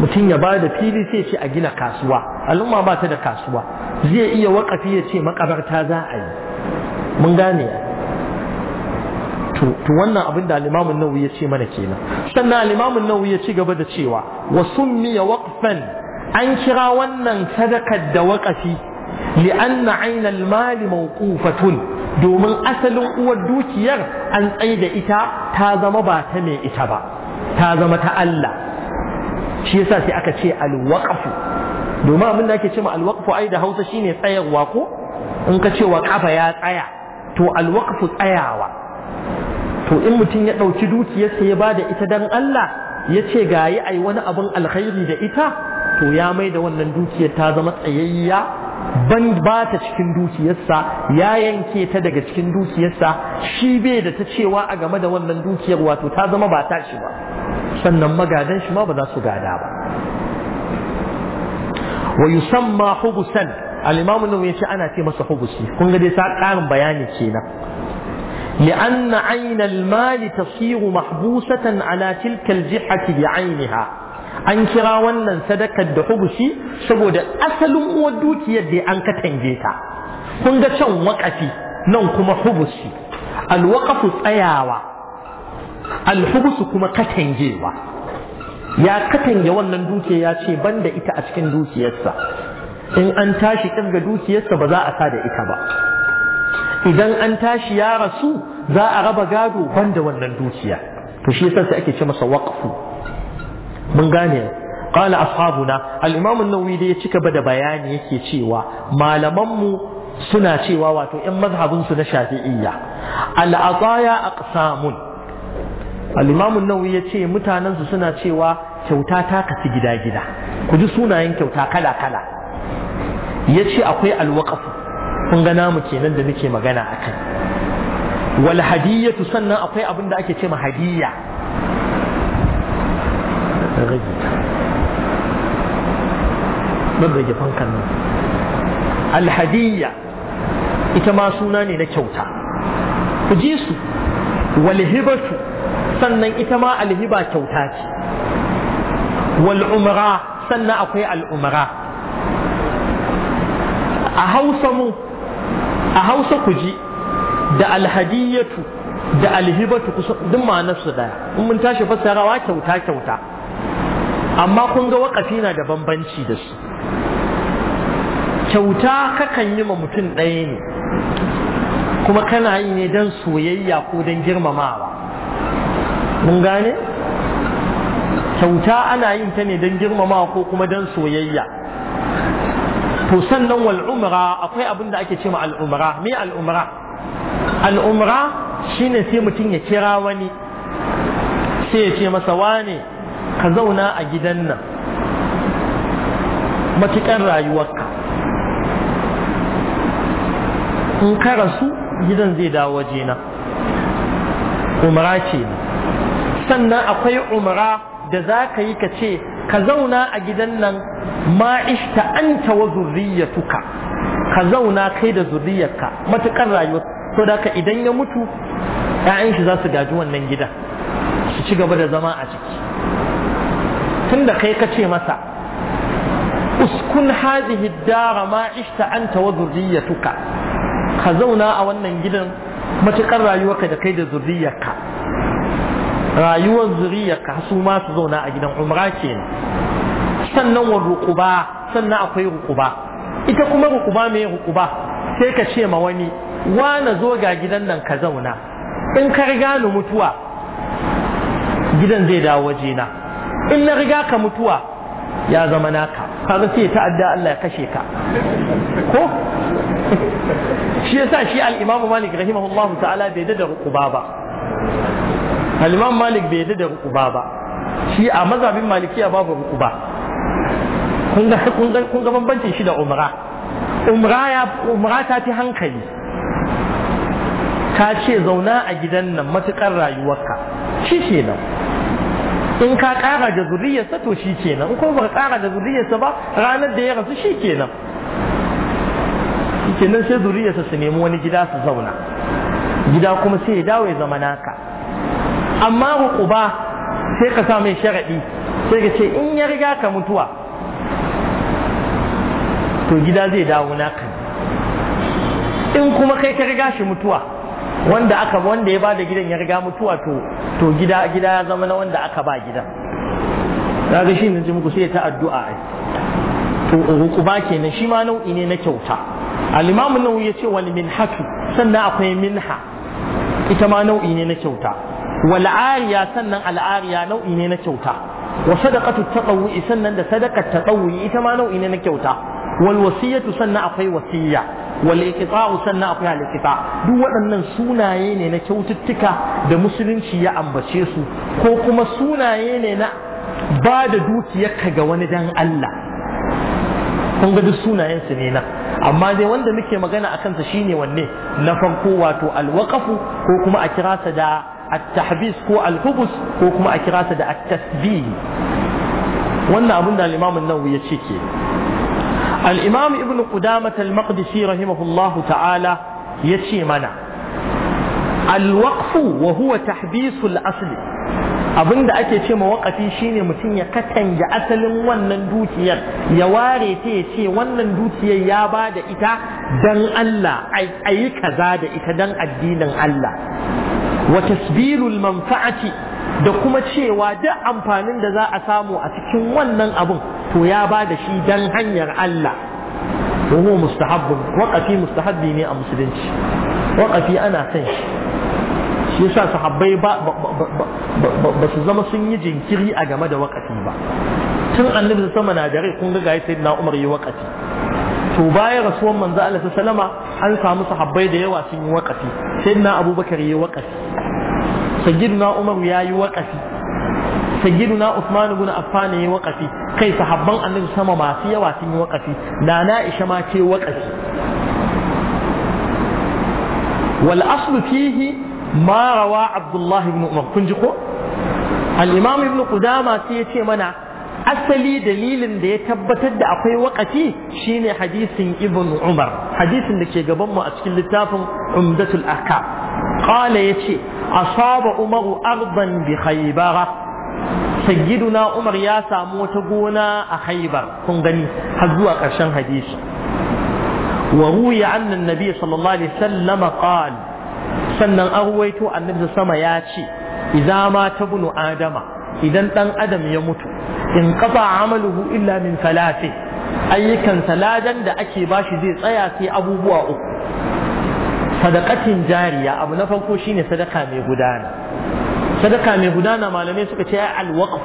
mutum ya ba da fili sai ce a gina kasuwa al'umma ba ta da kasuwa zai iya wakafi ya ce makabarta za a yi mun gane to wannan abin da alimamin nawawi ya ce mana kenan sannan alimamin nawawi ya ci gaba da cewa wa summiya waqfan an kira wannan sadakar da waqafi li'anna ainal mali mawqufatun domin asalin uwar dukiyar an da ita ta zama ba ta mai ita ba ta zama ta Allah shi yasa sai aka ce alwaqfu domin abin da ake cewa alwaqfu ai da Hausa shine tsayarwa ko in ka ce waqafa ya tsaya to alwaqfu tsayawa to in mutum ya ɗauki dukiyarsa ya bada ita dan Allah ya ce gayi ai wani abun alkhairi da ita to ya mai da wannan dukiyar ta zama tsayayya ban ba ta cikin dukiyarsa ya yanke ta daga cikin dukiyarsa shi bai da ta cewa a game da wannan dukiyar wato ta zama ba ta shi ba sannan magadan shi ma ba za su gada ba wa yusamma hubusan al-imam an ce ana ce masa hubusi kun ga dai sa karin bayani kenan لأن عين المال تصير محبوسة على تلك الجحة بعينها an kira wannan sadakar da hubushi saboda asalin uwar dukiyar da an katange ta kun ga can waƙafi nan kuma hubushi alwaƙafu tsayawa alhubusu kuma katangewa ya katange wannan dukiya ya ce banda ita a cikin dukiyarsa in an tashi ƙirga dukiyarsa ba za a sa da ita ba idan an tashi ya rasu za a raba gado banda wannan dukiya to shi yasa sai ake ce masa waqfu mun gane qala ashabuna al-imam an-nawawi da ya cika da bayani yake cewa malaman mu suna cewa wato ƴan mazhabin su na shafi'iyya al-ataya aqsamun al-imam an-nawawi ya ce mutanen su suna cewa kyauta ta kasu gida gida ku ji sunayen kyauta kala kala ya ce akwai al-waqf kun ga namu kenan da nake magana akan wal hadiyatu sannan akwai abin da ake ce ma hadiyya an rage ta ban rage fankan nan ita ma suna ne na kyauta su walhibatu sannan ita ma kyauta ce sannan akwai a hausa mu a hausa da alhadiyatu da alhibatu duk ma'anarsu mun tashi fassarawa kyauta kyauta amma kun ga wakafi na da bambanci da su kyauta kakan yi ma mutum ɗaya ne kuma kana yi ne don soyayya ko don girmamawa mun gane kyauta ana yin ta ne don girmamawa ko kuma don soyayya to sannan wal'umra akwai abin da ake ce ma al'umra me al'umra al'umra shine sai mutum ya kira wani sai ya ce masa wane ka zauna a gidan nan matuƙar rayuwarka in ka rasu gidan zai dawo waje na umara ce sannan akwai umara da za ka yi ka ce ka zauna a gidan nan ma'ishta an tawa zurriyatuka ka zauna kai da zurriyarka matuƙar rayuwa to da ka idan ya mutu 'ya'yan shi za su gaji wannan gidan su ci gaba da zama a ciki tunda kai ka ce masa uskun hadhihi dara ma ishta anta wa dhurriyyatuka ka zauna a wannan gidan matukar rayuwarka da kai da zuriyarka rayuwar zuriyarka su ma su zauna a gidan umra kenan sannan wa ruquba sannan akwai ruquba ita kuma rukuba mai rukuba. sai ka ce ma wani na zo ga gidan nan ka zauna in ka riga ni mutuwa gidan zai dawo wajena in na riga ka mutuwa ya zama naka kaga sai ta'adda Allah ya kashe ka ko shi yasa shi al-Imam Malik rahimahullahu ta'ala bai da ruquba ba al-Imam Malik bai da ruquba ba shi a mazhabin Malikiya babu ruquba kun ga kun ga kun ga bambancin shi da umra umra ya umra ta fi hankali ka ce zauna a gidan nan matukar rayuwarka shi nan. in ka kara da zuriyarsa to shi kenan in ko ba kara da zuriyarsa ba ranar da ya rasu shi kenan shi kenan sai zuriyarsa su nemi wani gida su zauna gida kuma sai ya dawo ya zama naka amma uba sai ka sa mai sharaɗi sai ka ce in ya riga ka mutuwa to gida zai dawo naka in kuma kai ka riga shi mutuwa wanda aka wanda ya bada gidan ya riga mutuwa to to gida gida ya zama na wanda aka ba gidan kaga shi ne muku sai ta addu'a ai to rukuba kenan shi ma nau'i ne na kyauta al-imam an-nawawi yace wal minhatu sannan akwai minha ita ma nau'i ne na kyauta wal ariya sannan al ariya nau'i ne na kyauta wa sadaqatu tatawwi sannan da sadaqat tatawwi ita ma nau'i ne na kyauta wal wasiyatu sannan akwai wasiyya wal iqta'u sannan akwai al iqta' duk waɗannan sunaye ne na kyaututtuka da musulunci ya ambace su ko kuma sunaye ne na ba da dukiyarka ga wani dan Allah kun ga duk sunayen su ne na amma dai wanda muke magana akan sa shine wanne na farko wato alwaqafu ko kuma a kira sa da at-tahbis ko al-hubus ko kuma a kira sa da at-tasbih wannan abin da al-Imam an-Nawawi ya ce ke al-imam ibn qudamah maqdisi rahimahullahu ta'ala ce mana al wa huwa tahbisul asli abinda ake ce mawakafi shine mutum ya katanga asalin wannan dukiyar ya ware ta ya ce wannan dukiyar ya ba da ita don Allah a yi kaza da ita don addinin Allah wa tasbirul manfa'ati da kuma cewa duk amfanin da za a samu a cikin wannan abin to ya ba da shi dan hanyar Allah wa mustahabbin waqafi mustahabbi ne a musulunci waqafi ana san shi shi yasa sahabbai ba ba su zama sun yi jinkiri a game da waqafi ba tun annabi sama na da rai kun ga gayi sayyidina Umar yi waqafi to bayan rasuwan manzo Allah sallama an samu sahabbai da yawa sun yi waqafi sayyidina Abubakar yi waqafi sayyiduna umar ya yi waƙafi sayyiduna usman ibn affan ya yi waƙafi kai sahabban annabi sama masu yawa sun yi waƙafi na aisha ma ce waƙafi wal aslu fihi ma rawa abdullah ibn umar kun ji ko al-imam ibn qudama sai ya ce mana asali dalilin da ya tabbatar da akwai waƙafi shine hadisin ibn umar hadisin da ke gaban mu a cikin littafin umdatul ahkam qala yace asaba umaru arban bi khaybara sayyiduna umar ya samu wata gona a khaybar kun gani har zuwa ƙarshen hadisi wa ruya anna annabi sallallahu alaihi wasallam qala sannan an ruwaito annabi sama ya ce idza ma tabnu adama idan dan adam ya mutu in kafa amaluhu illa min salafi ayyukan saladan da ake bashi zai tsaya sai abubuwa uku sadakatin jariya abu na farko shine sadaka mai gudana sadaka mai gudana malamai suka ce ai alwaqf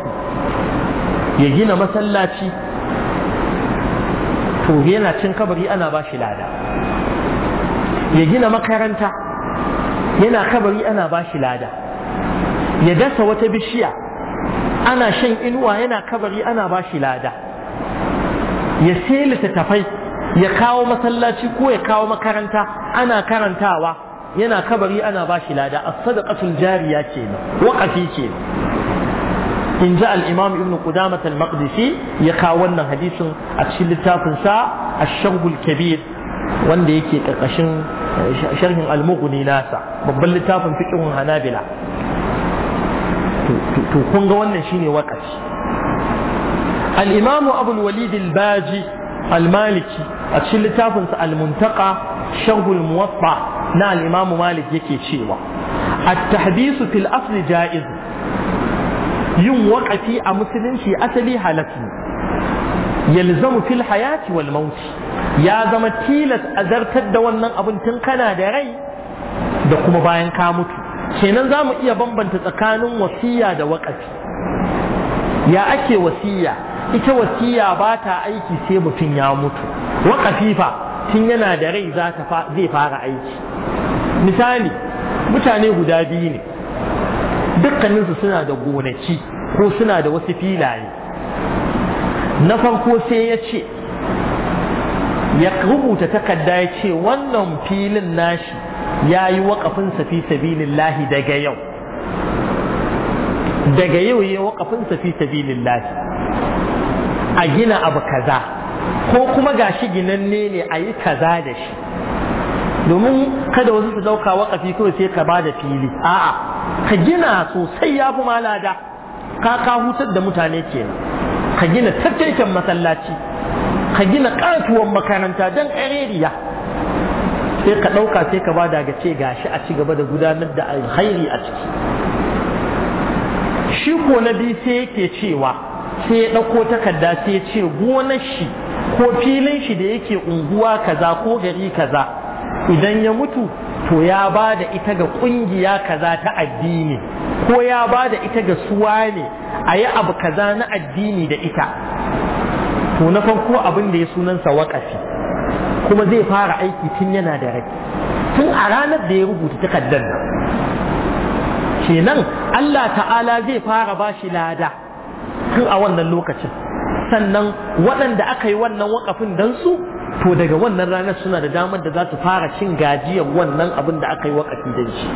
ya gina masallaci to yana cin kabari ana ba shi lada ya gina makaranta yana kabari ana ba shi lada ya dasa wata bishiya ana shan inuwa yana kabari ana ba shi lada ya sai littattafai ya kawo masallaci ko ya kawo makaranta ana karantawa yana kabari ana ba shi lada a sadaqatul jariya kenan waqafi kenan in ji al'imam ibnu ibn qudamah al-maqdisi ya kawo wannan hadisin a cikin littafin sa ash-shaghl kabir wanda yake karkashin eh, sharhin al-mughni nasa babban littafin fiqhun hanabila to kun ga wannan shine waqafi al-imam abul walid al-baji al a cikin littafinsa al-muntaka sharhul muwatta na Alimamu malik yake cewa at-tahdisu fil asli ja'iz yin waƙafi a musulunci asali halatu yalzamu fil hayati wal mauti ya zama tilas azartar da wannan abin tun kana da rai da kuma bayan ka mutu kenan za mu iya bambanta tsakanin wasiya da waƙafi ya ake wasiya ita wasiya ba ta aiki sai mutum ya mutu wa kafifa tun yana da rai zai fara aiki misali mutane guda biyu ne dukkaninsu suna da gonaki ko suna da wasu filaye na farko sai ya ce ya rubuta takarda ya ce wannan filin nashi ya yi waƙafin safi sabinin lahi daga yau daga yau ya yi waƙafin safi sabinin lahi. a gina abu kaza ko kuma gashi ginanne ne a yi kaza da shi domin kada wasu su dauka wakafi kawai sai ka ba da fili a'a ka gina sosai ya fi malada ka ka hutar da mutane kenan ka gina tattaikan masallaci ka gina katuwan makaranta don ƙareriya sai ka ɗauka sai ka ba daga ce gashi a ci gaba da gudanar da alhairi a ciki shi ko na biyu sai yake cewa sai ya ɗauko takarda sai ya ce gonar shi ko filin shi da yake unguwa kaza ko gari kaza idan ya mutu to ya ba da ita ga ƙungiya kaza ta addini ko ya ba da ita ga suwa ne a yi abu kaza na addini da ita to na farko abin da ya sunansa waƙafi kuma zai fara aiki tun yana da rai tun a ranar da ya rubuta takardar nan kenan Allah ta'ala zai fara ba shi lada tun a wannan lokacin sannan waɗanda aka yi wannan wakafin dan su to daga wannan ranar suna da damar da za su fara cin gajiyar wannan abin da aka yi wakafi dan shi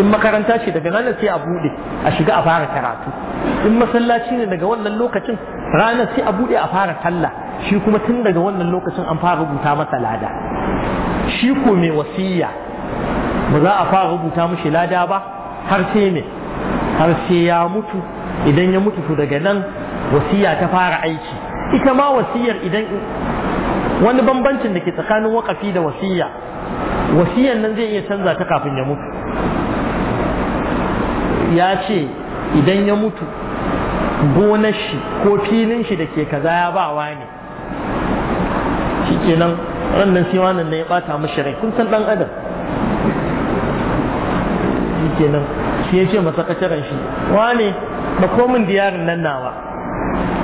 in makaranta ce daga ranar sai a buɗe a shiga a fara karatu in masallaci ne daga wannan lokacin ranar sai a buɗe a fara talla shi kuma tun daga wannan lokacin an fara rubuta masa lada shi ko mai wasiya ba za a fara rubuta mashi lada ba har sai me har sai ya mutu idan ya mutu daga nan wasiya ta fara aiki ita ma wasiyar idan wani bambancin da ke tsakanin wakafi da wasiya wasiyan nan zai iya canza ta kafin ya mutu ya ce idan ya mutu gonar shi ko filin shi da ke kaza ya bawa ne Shi ke nan ranar ne ya bata mashi rai kun san dan adam shi nan. sai ya ce masa kacaran shi wane da komin diyarin nan nawa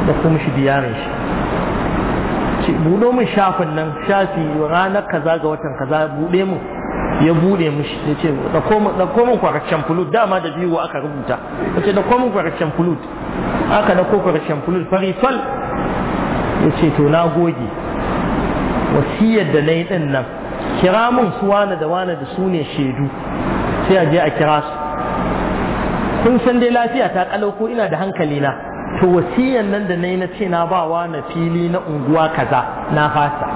da kuma shi diyarin shi ce buɗo min shafin nan shafi ranar kaza ga watan kaza buɗe mu ya buɗe mishi ya ce da komin kwaraccen fulut dama da biyu aka rubuta ya ce da komin kwaraccen fulut aka da ko kwaraccen fulut fari fal ya ce to na goge wasiyar da na yi ɗin nan kira mun su wane da wane da su ne shaidu sai a je a kira su kun san dai lafiya ta kalau ko ina da hankali na to wasiyan nan da nayi na ce na bawa na fili na unguwa kaza na fasa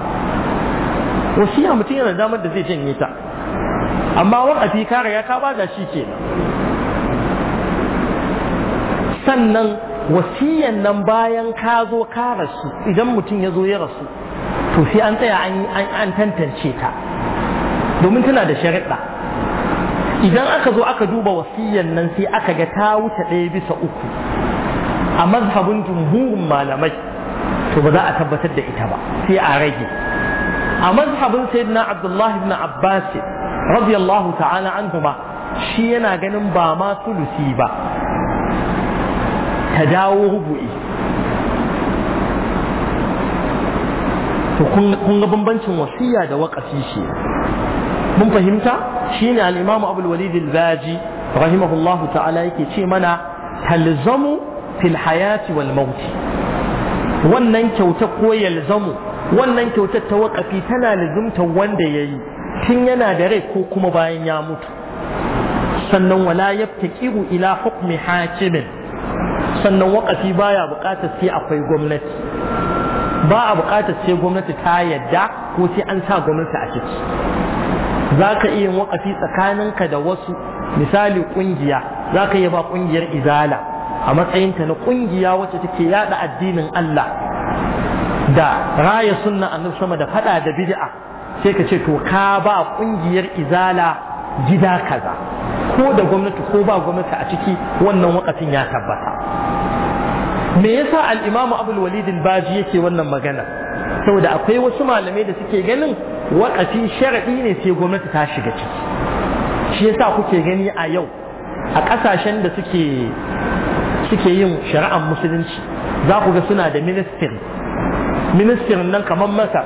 wasiya mutum yana damar da zai janye ta amma wakafi kare ya ka bada shi ke sannan wasiyan nan bayan ka zo ka rasu idan mutum ya zo ya rasu to sai an tsaya an tantance ta domin tana da shari'a idan aka zo aka duba wasiyan nan sai aka ga ta wuce ɗaya bisa uku a mazhabin jumhurin malamai to ba za a tabbatar da ita ba sai a rage a mazhabin sayyidina abdullah ibn abbas radiyallahu ta'ala anhuma shi yana ganin ba ma sulusi ba ta dawo rubu'i to kun ga bambancin wasiya da waƙafi shi mun fahimta shine al-imam abul walid al-baji rahimahullahu ta'ala yake ce mana talzamu fil hayati wal maut wannan kyauta ko yalzamu wannan kyautar ta waƙafi tana lazumta wanda ya yi tun yana da rai ko kuma bayan ya mutu sannan wala yaftaqiru ila hukmi hakimin sannan waƙafi baya buƙatar sai akwai gwamnati ba a buƙatar sai gwamnati ta yadda ko sai an sa gwamnati a ciki za ka iya wakafi tsakaninka da wasu misali ƙungiya za ka iya ba ƙungiyar izala a matsayinta na ƙungiya wacce take yada addinin Allah da raya sunna annabi sama da faɗa da bid'a sai ka ce to ka ba ƙungiyar izala gida kaza ko da gwamnati ko ba gwamnati a ciki wannan waƙafin ya tabbata me yasa al-imamu abul walid al-baji yake wannan magana saboda akwai wasu malamai da suke ganin waƙafi sharaɗi ne sai gwamnati ta shiga ciki shi yasa kuke gani a yau a ƙasashen da suke suke yin shari'ar musulunci za ku ga suna da ministir ministir nan kamar masa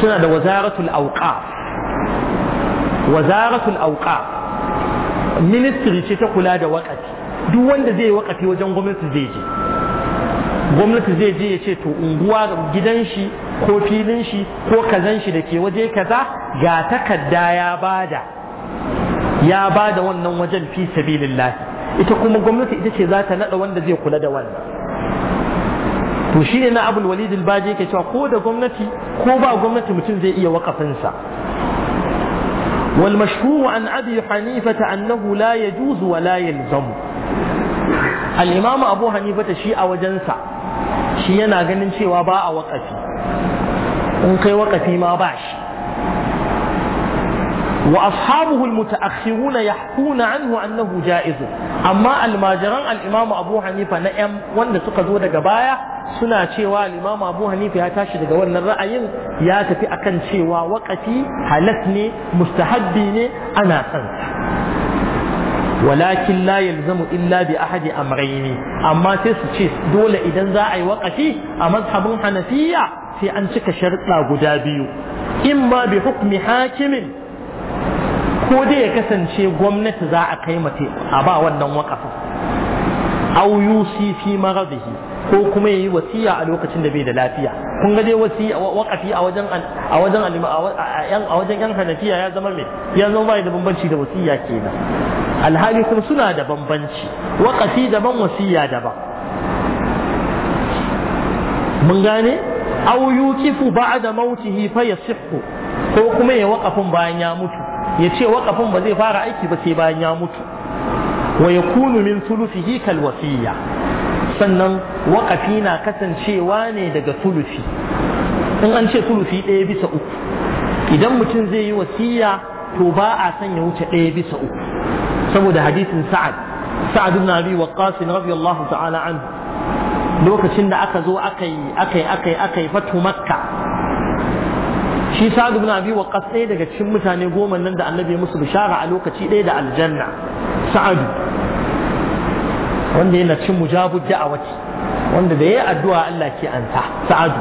suna da wazaratul auka, wazaratul ministry ce ta kula da wakati duk wanda zai wakati wajen gwamnati zai je gwamnati zai je ya ce to unguwa gidan shi ko filin shi ko kazan shi da ke waje kaza ga takarda ya bada ya bada wannan wajen fi sabilillah ita kuma gwamnati ita ce za ta nada wanda zai kula da wannan to ne na abul walid al-baji yake cewa ko da gwamnati ko ba gwamnati mutum zai iya wakafinsa والمشهور an أبي حنيفة annahu لا يجوز ولا يلزم الإمام أبو حنيفة شيء وجنسة shi yana ganin cewa ba a wakafi in kai wakafi ma ba shi وأصحابه المتأخرون يحكون عنه أنه جائز أما الماجران الإمام أبو حنيفة نعم وأن تقدوا دقا بايا سنة شيوا الإمام أبو حنيفة هتاشي دقا وأن الرأي ياتفي أكن شيوا وقتي حالتني مستحبيني أنا أنت walakin la yalzamu illa bi ahadi amrayni amma sai su ce dole idan za a yi waqafi a mazhabin hanafiya sai an cika sharuɗa guda biyu imma bi hukmi hakimin ko dai ya kasance gwamnati za a kai mace a ba wannan waƙafin au yusi fi maradihi ko kuma yayi wasiya a lokacin da bai da lafiya kun ga dai wasiya waqafi a wajen a wajen a wajen yan hanafiya ya zama me ya zama bai da bambanci da wasiya kenan alhali kuma suna da bambanci waqafi daban wasiya daban mun gane aw yukifu ba'da mautihi fa yasihhu ko kuma ya waqafin bayan ya mutu ya ce waqafin ba zai fara aiki ba sai bayan ya mutu wa yakunu min thuluthihi kal wasiya sannan waƙafi na kasancewa ne daga sulufi in an ce sulufi ɗaya bisa uku idan mutum zai yi wasiya to ba a son ya wuce ɗaya bisa uku saboda hadisin sa'ad sa'ad ibn abi waqqas radiyallahu ta'ala an lokacin da aka zo aka yi aka yi aka yi fatu makka shi sa'ad ibn abi waqqas ɗaya daga cikin mutane goma nan da annabi musu bishara a lokaci ɗaya da aljanna sa'adu. wanda yana cin mujabud da'awati wanda da yayi addu'a Allah ke anta sa'adu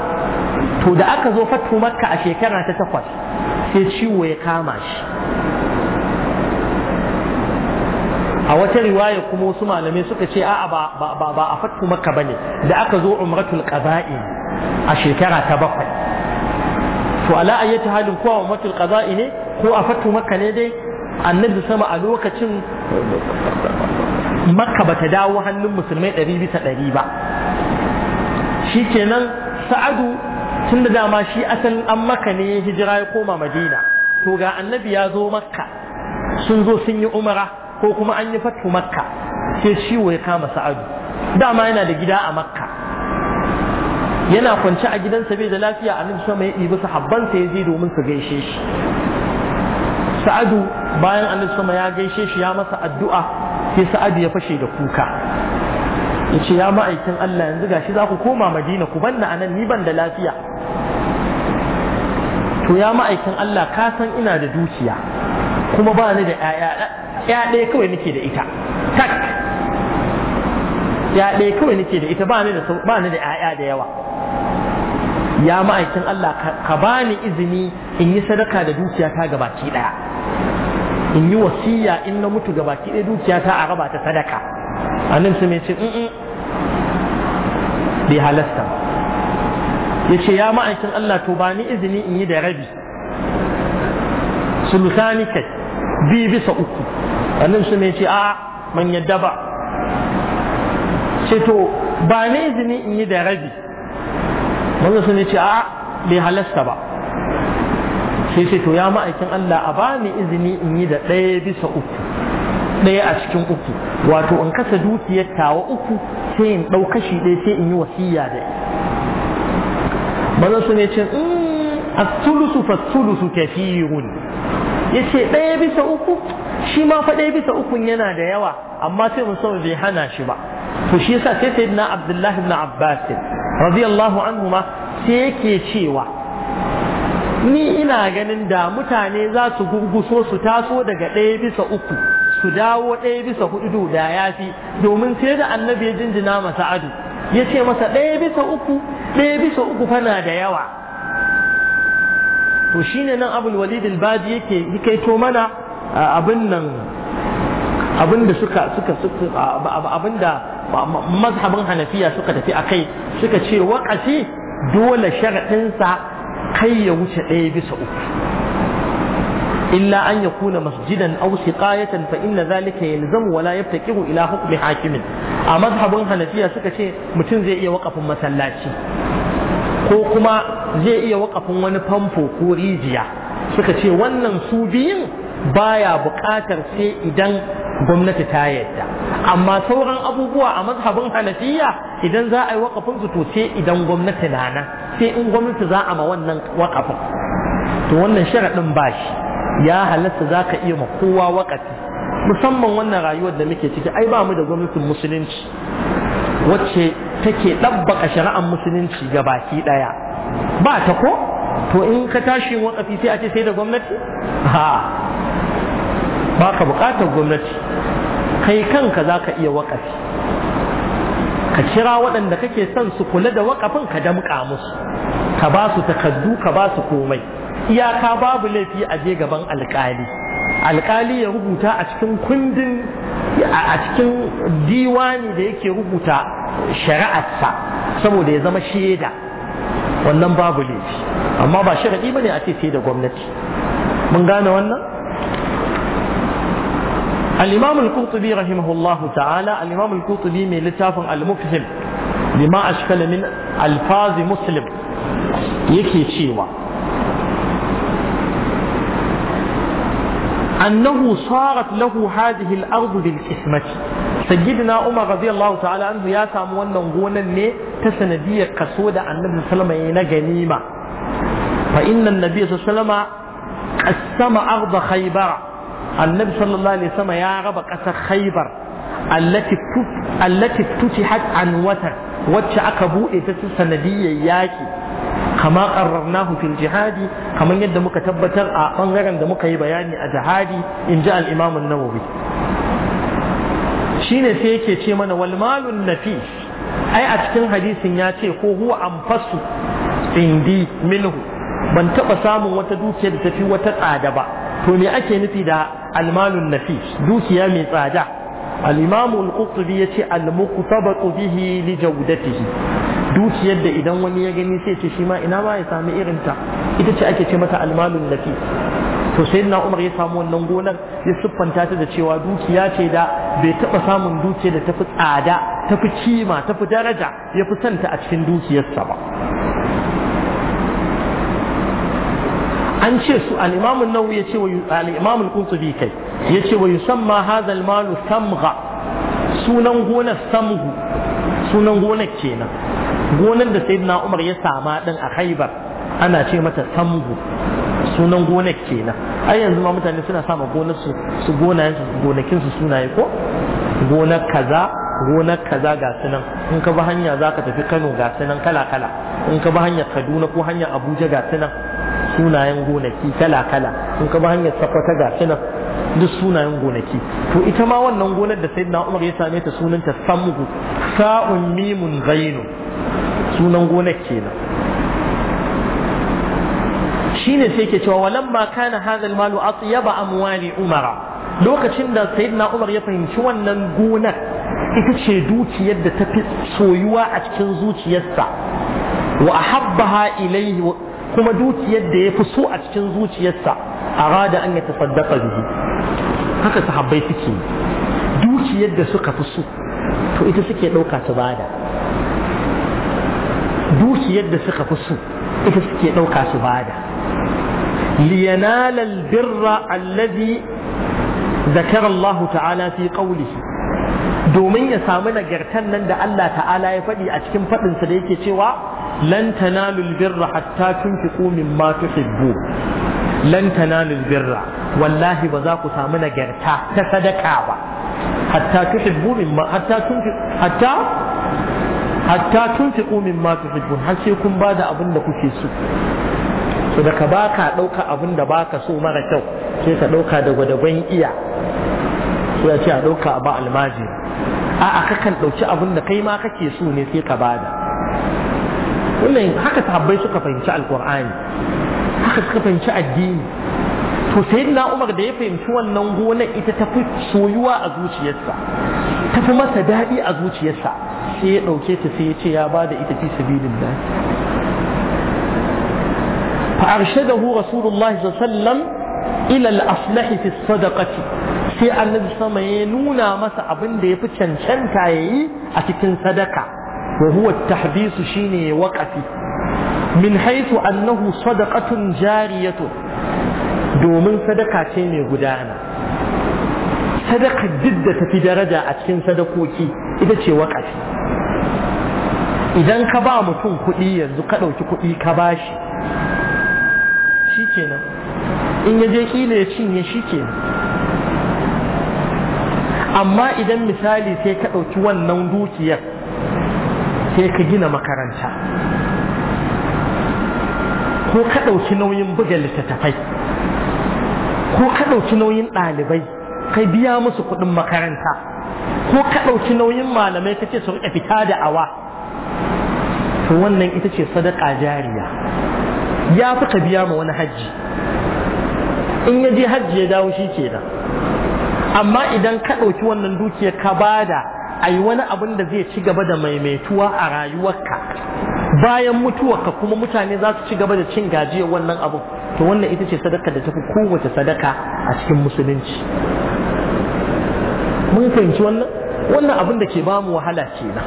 to da aka zo fatu makka a shekara ta takwas sai ciwo ya kama shi a wata riwaya kuma wasu malamai suka ce a'a ba ba ba a fatu makka bane da aka zo umratul qada'i a shekara ta bakwai to ala ayyata halin ko umratul qada'i ne ko a fatu makka ne dai annabi sama a lokacin makka bata dawo hannun musulmai ɗari bisa ɗari ba Shi kenan sa'adu tun da dama shi asalin an maka ne hijira ya koma madina to ga annabi ya zo makka sun zo sun yi umara ko kuma an yi fatu makka sai ciwo ya kama sa'adu dama yana da gida a makka yana kwance a gidansa bai da lafiya a nufin sama ya ɗibi habban ya je domin su gaishe shi sa'adu bayan annabi sama ya gaishe shi ya masa addu'a sai sa'adu ya fashe da kuka ya ce ya ma'aikin Allah yanzu gashi za ku koma madina ku banna a nan ni ban da lafiya to ya ma'aikin Allah ka san ina da dukiya kuma ba ni da ya ɗaya kawai nake da ita tak ya ɗaya kawai nake da ita ba ni da ba ni da ƴaƴa da yawa ya ma'aikin Allah ka bani izini in yi sadaka da dukiya ta gabaki ɗaya in yi wasiya in na mutu gaba baki ɗaya dukiya ta a raba ta sadaka annabi su mai ce in mm, mm. bai halasta ya ce ya ma'aikin Allah to ba ni izini in yi da rabi sulusani kai biyu bisa uku annabi su mai ce a man yadda ba ce to ba ni izini in yi da rabi su sun ce a bai halasta ba sai ce to ya ma'aikin Allah a bani izini in yi da ɗaya bisa uku ɗaya a cikin uku wato in kasa dukiyar tawa uku sai in ɗau kashi ɗaya sai in yi wasiya da maza su ne ce mm, as-sulusu fas kafirun yace ɗaya bisa uku shi ma fa ɗaya bisa ukun yana da yawa amma sai mun san bai hana shi ba to shi yasa sai sayyidina Abdullahi ibn Abbas radiyallahu anhu ma sai yake cewa ni ina ganin da mutane za su gurguso su taso daga ɗaya bisa uku su dawo ɗaya bisa hudu da ya fi domin sai da annabi ya jinjina masa adu ya ce masa ɗaya bisa uku ɗaya bisa uku fana da yawa to shine nan abul walid baji yake to mana abin nan abin da suka suka abin da mazhabin hanafiya suka tafi akai suka ce waƙafi dole sharaɗinsa kai ya wuce ɗaya bisa uku illa an ya kuna masjidan aw siqayatan fa inna zalika yalzamu wa la yaftaqiru ila hukmi hakimin a mazhabin hanafiya suka ce mutum zai iya waƙafin masallaci ko kuma zai iya waƙafin wani famfo ko rijiya suka ce wannan su biyun baya buƙatar sai idan gwamnati ta yadda amma sauran abubuwa a mazhabin hanafiya idan za a yi wakafin su to sai idan gwamnati na nan sai in gwamnati za a ma wannan wakafin to wannan sharaɗin ba shi ya halatta za ka iya ma kowa wakafi musamman wannan rayuwar da muke ciki ai ba mu da gwamnatin musulunci wacce take ɗabbaka shari'ar musulunci ga baki ɗaya ba ta ko to in ka tashi wakafi sai a ce sai da gwamnati ha ba ka bukatar gwamnati kai kanka za ka iya wakafi ka kira waɗanda kake son su kula da wakafin ka damƙa musu ka ba su takaddu ka ba su komai iyaka babu laifi a je gaban alkali. alƙali ya rubuta a cikin kundin a cikin diwani da yake rubuta shari'arsa saboda ya zama shaida wannan babu laifi amma ba sharaɗi ba ne a ce sai da gwamnati mun gane wannan الإمام القرطبي رحمه الله تعالى الإمام القرطبي من لتاف المفهم لما أشكل من ألفاظ مسلم يكي شيوا أنه صارت له هذه الأرض بالكسمة سيدنا عمر رضي الله تعالى عنه يا سامو wannan gonan ne ta sanadiyar kaso da annabi sallama yayi فإن النبي صلى الله عليه وسلم قسم أرض خيبر annabi sallallahu alaihi sama ya raba ƙasar khaibar allati futihat an wata wacce aka buɗe ta su sanadiyyar yaƙi kama qarrarnahu fil jihadi kamar yadda muka tabbatar a bangaren da muka yi bayani a jihadi in ji al-imam an-nawawi shine sai yake ce mana wal malun nafis ai a cikin hadisin ya ce ko huwa anfasu indi minhu ban taba samun wata dukiya da tafi wata tsada ba to me ake nufi da almalun nafi dukiya mai tsada al-imamu yace al-muqtabatu bihi li jawdatihi dukiyar da idan wani ya gani sai ce shi ma ina ma ya sami irin ta ita ce ake ce mata almalun nafi to sai na umar ya samu wannan gonar ya siffanta ta da cewa dukiya ce da bai taba samun dukiya da tafi tsada tafi kima tafi daraja ya fi santa a cikin dukiyarsa ba an ce su al-imam an-nawawi yace wa al-imam al-qurtubi ya ce wa yusamma hadha al-mal samgha sunan gonar samgu sunan gonar kenan gonar da sayyidina umar ya sama din a haibar ana ce mata samgu sunan gonar kenan ai yanzu ma mutane suna sama gonar su su gonayen su gonakin su sunaye ko gonar kaza gonar kaza ga sunan in ka bi hanya zaka tafi Kano ga sunan kala kala in ka bi hanya Kaduna ko hanya Abuja ga sunan sunayen gonaki kala-kala in kaba hanyar sakwata ga shi duk sunayen gonaki to ita ma wannan gonar da sayyidina Umar ya same ta sunanta samgu sa'un mimun zainu sunan gonar kenan ne sai ke cewa ma kana hadha malu atyaba amwali umara lokacin da sayyidina Umar ya fahimci wannan gonar ita ce dukiyar da ta fi soyuwa a cikin zuciyarsa wa ahabbaha ilayhi kuma dukiyar da ya fi so a cikin zuciyarsa arada an ya tasaddaqa bihi haka sahabbai suke dukiyar da suka fi so to ita suke ɗauka su bada dukiyar da suka fi so ita suke ɗauka su bada liyanala albirra allazi zakara Allah ta'ala fi qawlihi domin ya samu nagartan nan da Allah ta'ala ya faɗi a cikin faɗinsa da yake cewa lan tanalul birra hatta tunfiqu mimma tuhibbu lan tanalul birra wallahi ba za ku samu nagarta ta sadaka ba hatta tuhibbu mimma hatta tunfiqu hatta hatta tunfiqu har sai kun bada abin da kuke so so da ka baka dauka da baka so mara kyau sai ka dauka da gwadaban iya so ya ce a dauka ba almaji a'a kakan ɗauki abun da kai ma kake so ne sai ka bada wannan haka sahabbai suka fahimci alkur'ani haka suka fahimci addini to sayyidina umar da ya fahimci wannan gonar ita ta fi soyuwa a zuciyarsa ta fi masa daɗi a zuciyarsa sai ya ɗauke ta sai ya ce ya bada ita fi sabilillah fa arshadahu rasulullahi sallallahu alaihi Sallam ila al fi sadaqati sai annabi sama ya nuna masa abin da ya fi cancanta yayi a cikin sadaka wa huwa tahbisu ya waqafi min haythu annahu sadaqatun jariyatu domin sadaka ce mai gudana sadaka duk da tafi daraja a cikin sadakoki ita ce waqafi idan ka ba mutum kuɗi yanzu ka ɗauki kuɗi ka bashi shi kenan in ya je kila ya cinye shi kenan amma idan misali sai ka ɗauki wannan dukiyar sai ka gina makaranta ko ka ɗauki nauyin buga littattafai ko ka ɗauki nauyin ɗalibai kai biya musu kuɗin makaranta ko ka ɗauki nauyin malamai ka ce su riƙa fita da awa to wannan ita ce sadaka jariya ya fi ka biya ma wani hajji in ya je hajji ya dawo shi kenan amma idan ka ɗauki wannan dukiyar ka bada a yi wani abin da zai ci gaba da maimaituwa a rayuwarka bayan mutuwarka kuma mutane za su ci gaba da cin gajiyar wannan abu to wannan ita ce sadaka da tafi kowace sadaka a cikin musulunci mun fahimci wannan wannan abin da ke ba mu wahala ce na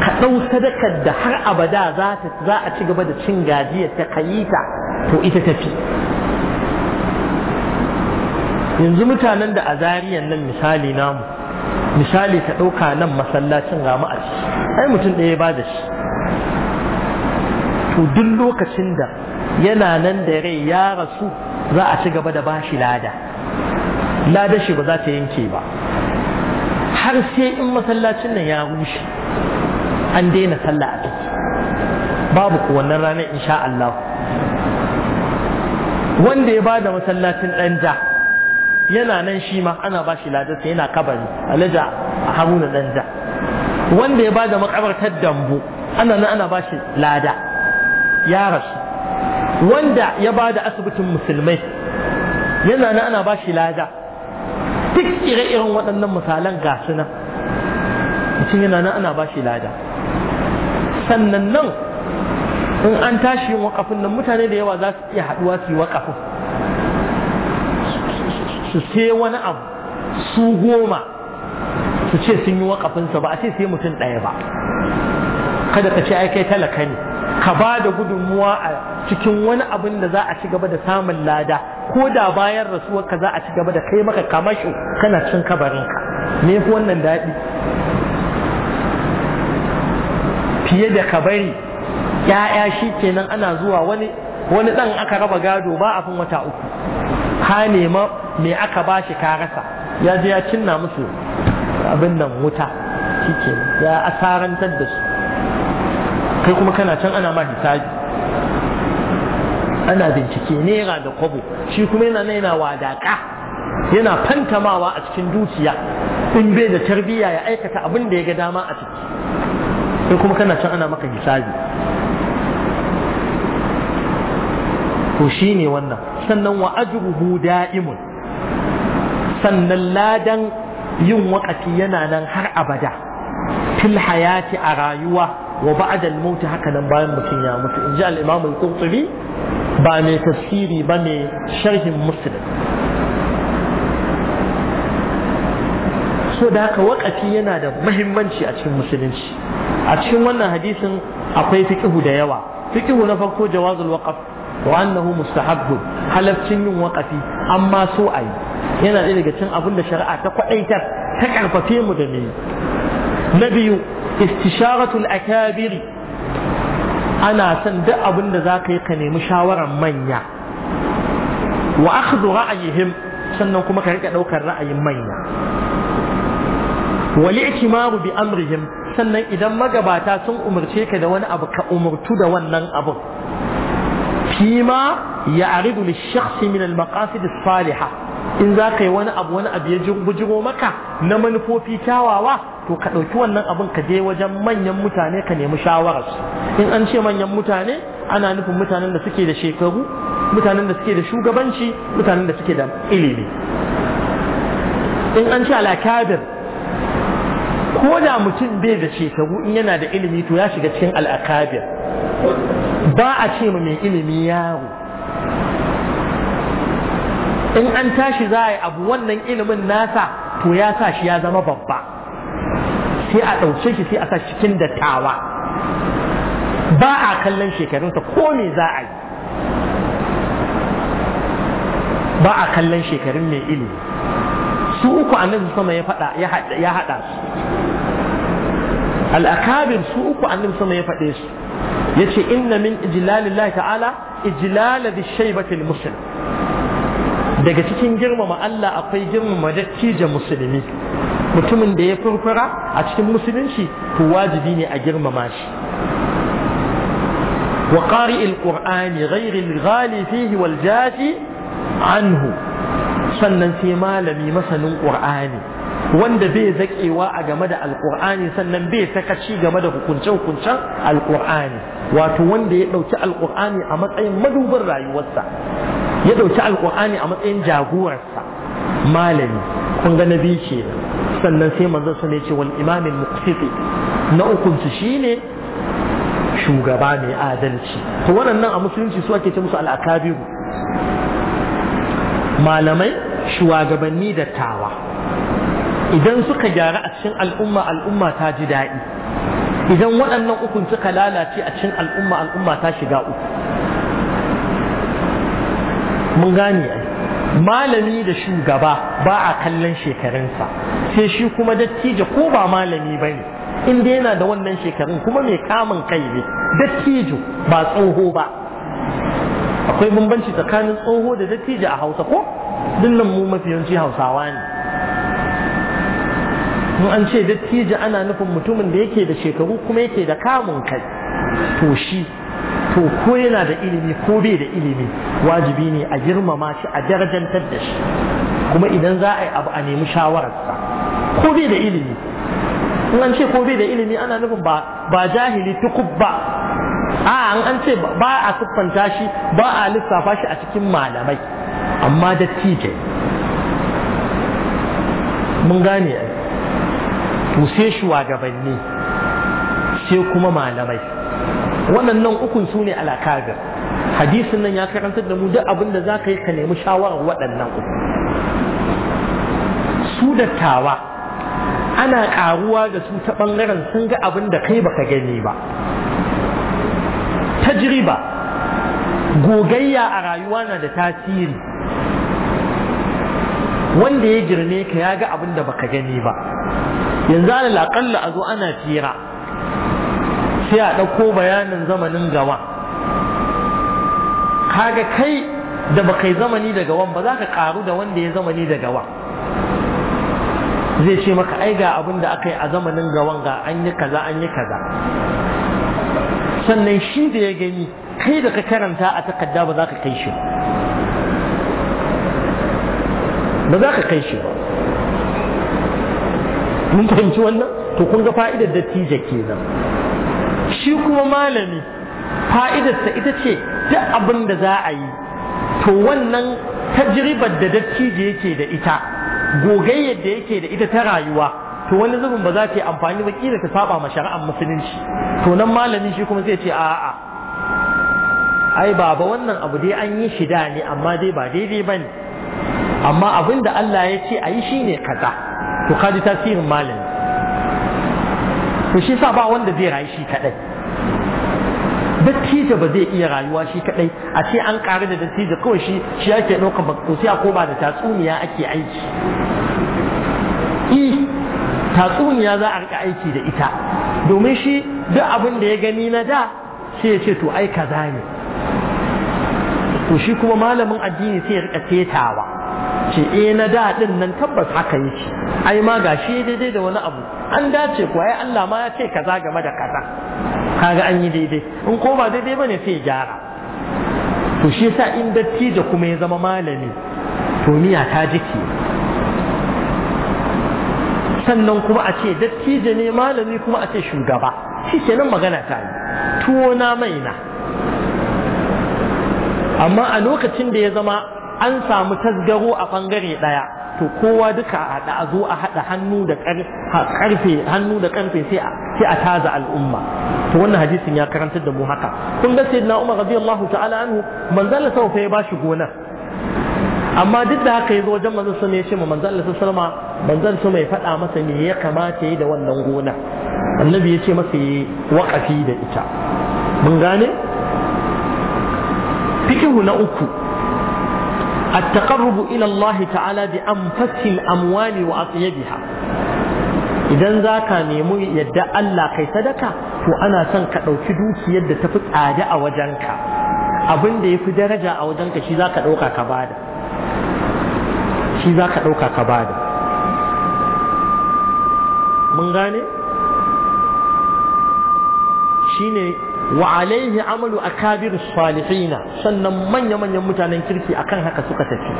ka ɗau sadakar da har abada za a ci gaba da cin gajiyar ta kayita to ita tafi yanzu mutanen da a zariyan nan misali namu misali ta ɗauka nan masallacin ga a ciki ai mutum ɗaya ba da shi to duk lokacin da yana nan da rai ya rasu za a ci gaba da bashi lada lada shi ba za ta yanke ba har sai in masallacin nan ya rushe an daina sallah a ciki babu ku wannan ranar insha Allah wanda ya bada masallacin ɗan ɗanja yana nan shi ma ana ba shi ladarsa yana kabari alhaji haruna da wanda ya ba da makabartar dambu ana nan ana ba shi lada ya rasu wanda ya ba da asibitin musulmai yana nan ana ba shi lada duk ire-iren waɗannan misalan ga su nan mutum yana nan ana ba shi lada sannan nan in an tashi yin wakafin nan mutane da yawa za su iya haɗuwa su yi wakafin su sai wani abu su goma su ce sun yi wakafinsa ba a ce sai mutum ɗaya ba kada ka ce ai kai talaka ne ka ba da gudunmuwa a cikin wani abin da za a ci gaba da samun lada ko da bayan rasuwar ka za a ci gaba da kai maka kamashin kana cin kabarinka me fi wannan daɗi fiye da ka bari ya'ya shi kenan ana zuwa wani wani ɗan aka raba gado ba a fin wata uku ka nema me aka ba shi ka rasa ya je ya cinna musu abin nan wuta shike ya asarantar da su kai kuma kana can ana ma hisabi ana bincike nera da kwabo shi kuma yana na yana wadaka yana fantamawa a cikin dukiya in bai da tarbiyya ya aikata abin da ya ga dama a ciki sai kuma kana can ana maka hisabi to ne wannan sannan wa ajruhu da'imun sannan ladan yin waƙafi yana nan har abada fil hayati a rayuwa wa ba'da al-maut haka nan bayan mutum ya mutu inji al-imam al-qurtubi ba mai tafsiri ba mai sharhin muslim so da haka waƙafi yana da muhimmanci a cikin musulunci a cikin wannan hadisin akwai fiqhu da yawa fiqhu na farko jawazul waqf wa annahu mustahabbu halaccin yin waqafi amma so ayi yana da daga cin abin da shari'a ta kwaɗaitar ta ƙarfafe mu da ni. na biyu istisharatul akabiri ana son duk da yi ka nemi shawarar manya wa akhdhu ra'ayihim sannan kuma ka rika ɗaukar ra'ayin manya wal i'timaru bi amrihim sannan idan magabata sun umarce ka da wani abu ka umartu da wannan abun. فيما يعرض للشخص من المقاصد saliha in za ka yi wani abu wani abu ya bujiro maka na manufofi kyawawa to ka ɗauki wannan abin ka je wajen manyan mutane ka nemi shawararsu in an ce manyan mutane ana nufin mutanen da suke da shekaru mutanen da suke da shugabanci mutanen da suke da ilimi in an ce alakabir ko da mutum bai da shekaru in yana da ilimi to ya shiga cikin al'akabir ba a ce ma mai ilimi yaro in an tashi za a yi abu wannan ilimin nasa to ya sa shi ya zama babba sai a ɗauke shi sai a sa cikin dattawa ba a kallon shekarunsa ko me za a yi ba a kallon shekarun mai ilimi su uku annabi sama ya faɗa ya haɗa su al'akabir su uku annabi sama ya faɗe su ya ce inna min ijlalillahi ta'ala ijlala bi shaibatil muslim daga cikin girmama Allah akwai girmama dattijan musulmi mutumin da ya furfura a cikin musulunci to wajibi ne a girmama shi wa qari'il qur'ani ghayril ghali fihi wal jati anhu sannan sai malami masanin ƙur'ani wanda bai zaƙewa a game da alƙur'ani sannan bai sakaci game da hukunce-hukuncen alƙur'ani wato wanda ya ɗauki alƙur'ani a matsayin madubin rayuwarsa ya ɗauki alƙur'ani a matsayin jagorarsa malami kun ga nabi ce sannan sai manzon su ne ce wal imamin muqsiti na shi shine shugaba mai adalci to waɗannan a musulunci su ake ce musu al'akabiru malamai shugabanni dattawa idan suka gyara a cikin al'umma al'umma ta ji daɗi idan waɗannan ukun suka lalace a cikin al'umma al'umma ta shiga uku mun gane malami da shugaba ba a kallon shekarunsa sai shi kuma dattijo ko ba malami ba ne in dai yana da wannan shekarun kuma mai kamun kai ne dattijo ba tsoho ba akwai bambanci tsakanin tsoho da dattijo a hausa ko dinnan mu mafiyanci hausawa ne in an ce dattijo ana nufin mutumin da yake da shekaru kuma yake da kamun kai to shi to ko yana da ilimi ko bai da ilimi wajibi ne a girmama shi a darajantar da shi kuma idan za a yi abu a nemi shawararsa ko bai da ilimi in an ce ko bai da ilimi ana nufin ba jahili tukub ba a an an ce ba a siffanta shi ba a lissafa shi a cikin malamai amma dattijai mun gane sai shugabanni sai kuma malamai waɗannan ukun su ne alakagar hadisin nan ya karantar da mu duk abin da za ka yi ka nemi shawarar waɗannan uku su dattawa ana ƙaruwa da su ta ɓangaren sun ga abin da kai baka gani ba tajriba gogayya a rayuwa na da tasiri wanda ya girme ka ya ga abin da baka gani ba yanzu alal aƙalla a zo ana tira sai a ɗauko bayanin zamanin gawa kaga kai da ba kai zamani da gawan ba za ka ƙaru da wanda ya zamani da gawa zai ce maka ai ga abin da aka yi a zamanin gawan ga an yi kaza an yi kaza sannan shi da ya gani kai da ka karanta a takarda ba za ka kai shi ba za ka kai shi ba mun fahimci wannan to kun ga fa'idar ke kenan shi kuma malami fa'idarsa ita ce duk abin da za a yi to wannan tajribar da dattijo yake da ita gogayyar da yake da ita ta rayuwa to wani zubin ba za ta yi amfani ba kila ta saba ma shari'ar musulunci to nan malamin shi kuma zai ce a'a ai baba wannan abu dai an yi shi da ne amma dai ba daidai ba ne. amma abin da Allah ya ce a yi shi ne kaza to ka ji tasirin malami to shi sa ba wanda zai rayu shi kadai dattijo ba zai iya rayuwa shi kadai a ce an ƙari da dattijo kawai shi shi ake ɗaukar ba sai a da tatsuniya ake aiki tatsuniya za a rika aiki da ita domin shi duk abin da ya gani na da sai ya ce to ai kaza ne to shi kuma malamin addini sai ya rika tetawa ce e na da din nan tabbas haka yake ai ma gashi daidai da wani abu an dace ko ai Allah ma ya ce kaza game da kaza kaga an yi daidai in ko ba daidai bane sai ya gyara to shi yasa in dattijo kuma ya zama malami to miya ta jiki. sannan kuma a ce dattijo ne malami kuma a ce shugaba shi nan magana ta yi tuwo na mai na. amma a lokacin da ya zama an samu tasgaro a bangare ɗaya to kowa duka a da zo a haɗa hannu da ƙarfe hannu da ƙarfe sai a taza al'umma to wannan hadisin ya karantar da mu haka kun ga sayyidina Umar radiyallahu ta'ala anhu manzon Allah fa ya bashi gonar amma duk da haka ya zo wajen manzon sama ya ce ma manzon Allah sallama manzon sama ya faɗa masa me ya kamata yi da wannan gona annabi ya ce masa yi waƙafi da ita mun gane fikihu na uku التقرب إلى الله تعالى بأنفس الأموال وأطيبها idan za ka nemi yadda Allah kai sadaka to ana son ka ɗauki dukiyar da tafi tsada a wajenka abin da ya fi daraja a wajenka shi za ka ɗauka ka bada shi za ka ɗauka ka bada mun gane shi ne wa alaihi amalu a kabir salihina sannan manya-manyan mutanen kirki akan haka suka tafi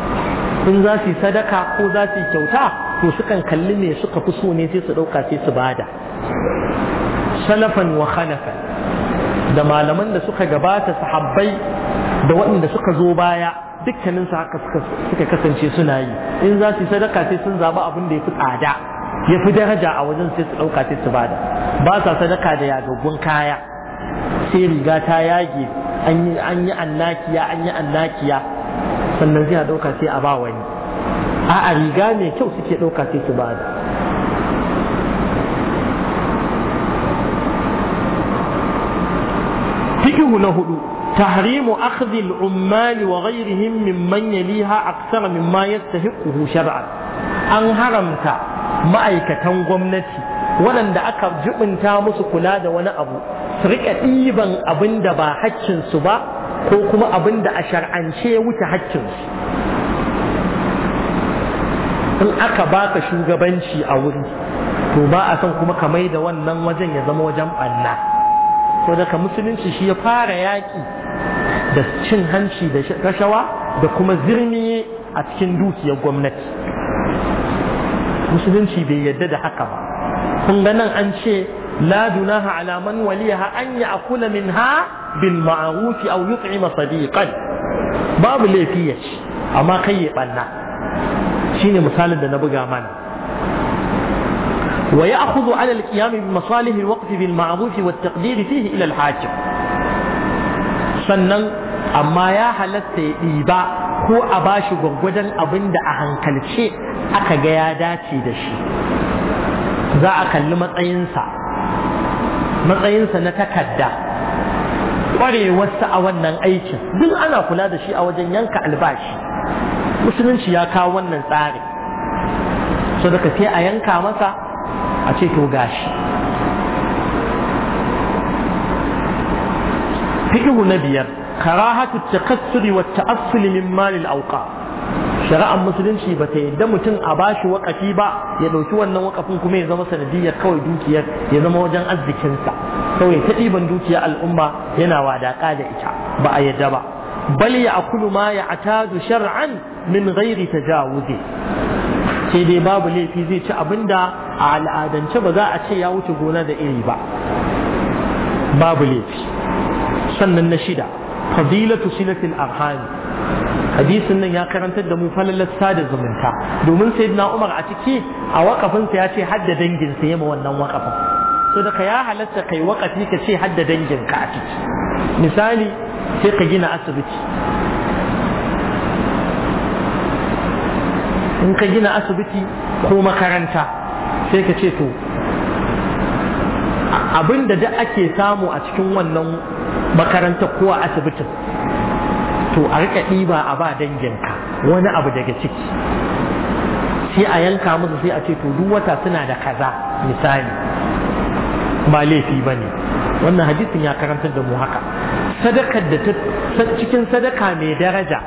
in za su yi sadaka ko za su yi kyauta to sukan kalli me suka fi so ne sai su ɗauka sai su bada salafan wa khalafan da malaman da suka gabata sahabbai da waɗanda suka zo baya dukkanin su haka suka kasance suna yi in za su sadaka sai sun zaba abin da ya fi tsada yafi daraja a wajen sai su dauka sai su bada ba sa sadaka da yagaggun kaya sai riga ta yage an yi annakiya an yi annakiya sannan sai a sai a ba wani a riga mai kyau suke dauka sai su bada fikihu na hudu Tahrimu أخذ العمال وغيرهم ممن يليها أكثر مما يستحقه شرعا أن هرمت ma'aikatan gwamnati waɗanda aka jibinta musu kula da wani abu su rika ɗiban abin da ba haƙƙinsu ba ko kuma abin da a shar'ance ya wuce haƙƙinsu in aka baka shugabanci a wuri to ba a son kuma ka mai da wannan wajen ya zama wajen ɓanna so daga musulunci shi ya fara yaƙi da cin hanci da rashawa da kuma zirmi a cikin dukiyar gwamnati musulunci bai yadda da haka ba kun nan an ce la dunaha ala man waliyaha an ya akula minha bil ma'ruf aw yut'ima sadiqan babu laifi ya ci amma kai ya banna shine misalin da na buga mana ويأخذ على القيام بمصالح الوقف بالمعروف والتقدير فيه ilal الحاكم sannan amma ya halatta ya ɗiba ko a ba shi gwaggwajen abin da a hankalce aka ga ya dace da shi za a kalli matsayinsa matsayinsa na takarda ƙwarewarsa a wannan aikin duk ana kula da shi a wajen yanka albashi musulunci ya kawo wannan tsari so daga sai a yanka masa a ce to gashi fiqhu na biyar karahatu takassuri wa ta'assul min malil awqa shari'ar musulunci ba ta yadda mutum a bashi wakafi ba ya dauki wannan wakafin kuma ya zama sanadiyar kawai dukiyar ya zama wajen arzikinsa kawai ta ɗiban dukiyar al'umma yana wadaƙa da ita ba a yadda ba bal ya akulu ma ya atadu shar'an min ghairi tajawuzi sai dai babu laifi zai ci abinda a al'adance ba za a ce ya wuce gona da iri ba babu laifi sannan na shida fadilatu silatil arham hadisin nan ya karantar da mu falalar sada zumunta domin sayyidina Umar a ciki a wakafinsa ya ce hadda danginsa yamma wannan wakafin so da ka ya halatta kai wakafi ka ce hadda danginka a ciki misali sai ka gina asibiti in ka gina asibiti ko makaranta sai ka ce to abin da duk ake samu a cikin wannan makarantar ko a asibitin to a rika ɗiba a ba danginka wani abu daga ciki sai a yanka musu sai a ce to duk wata suna da kaza misali ba laifi ba ne wannan hadisin ya karantar da mu haka sadakar da ta cikin sadaka mai daraja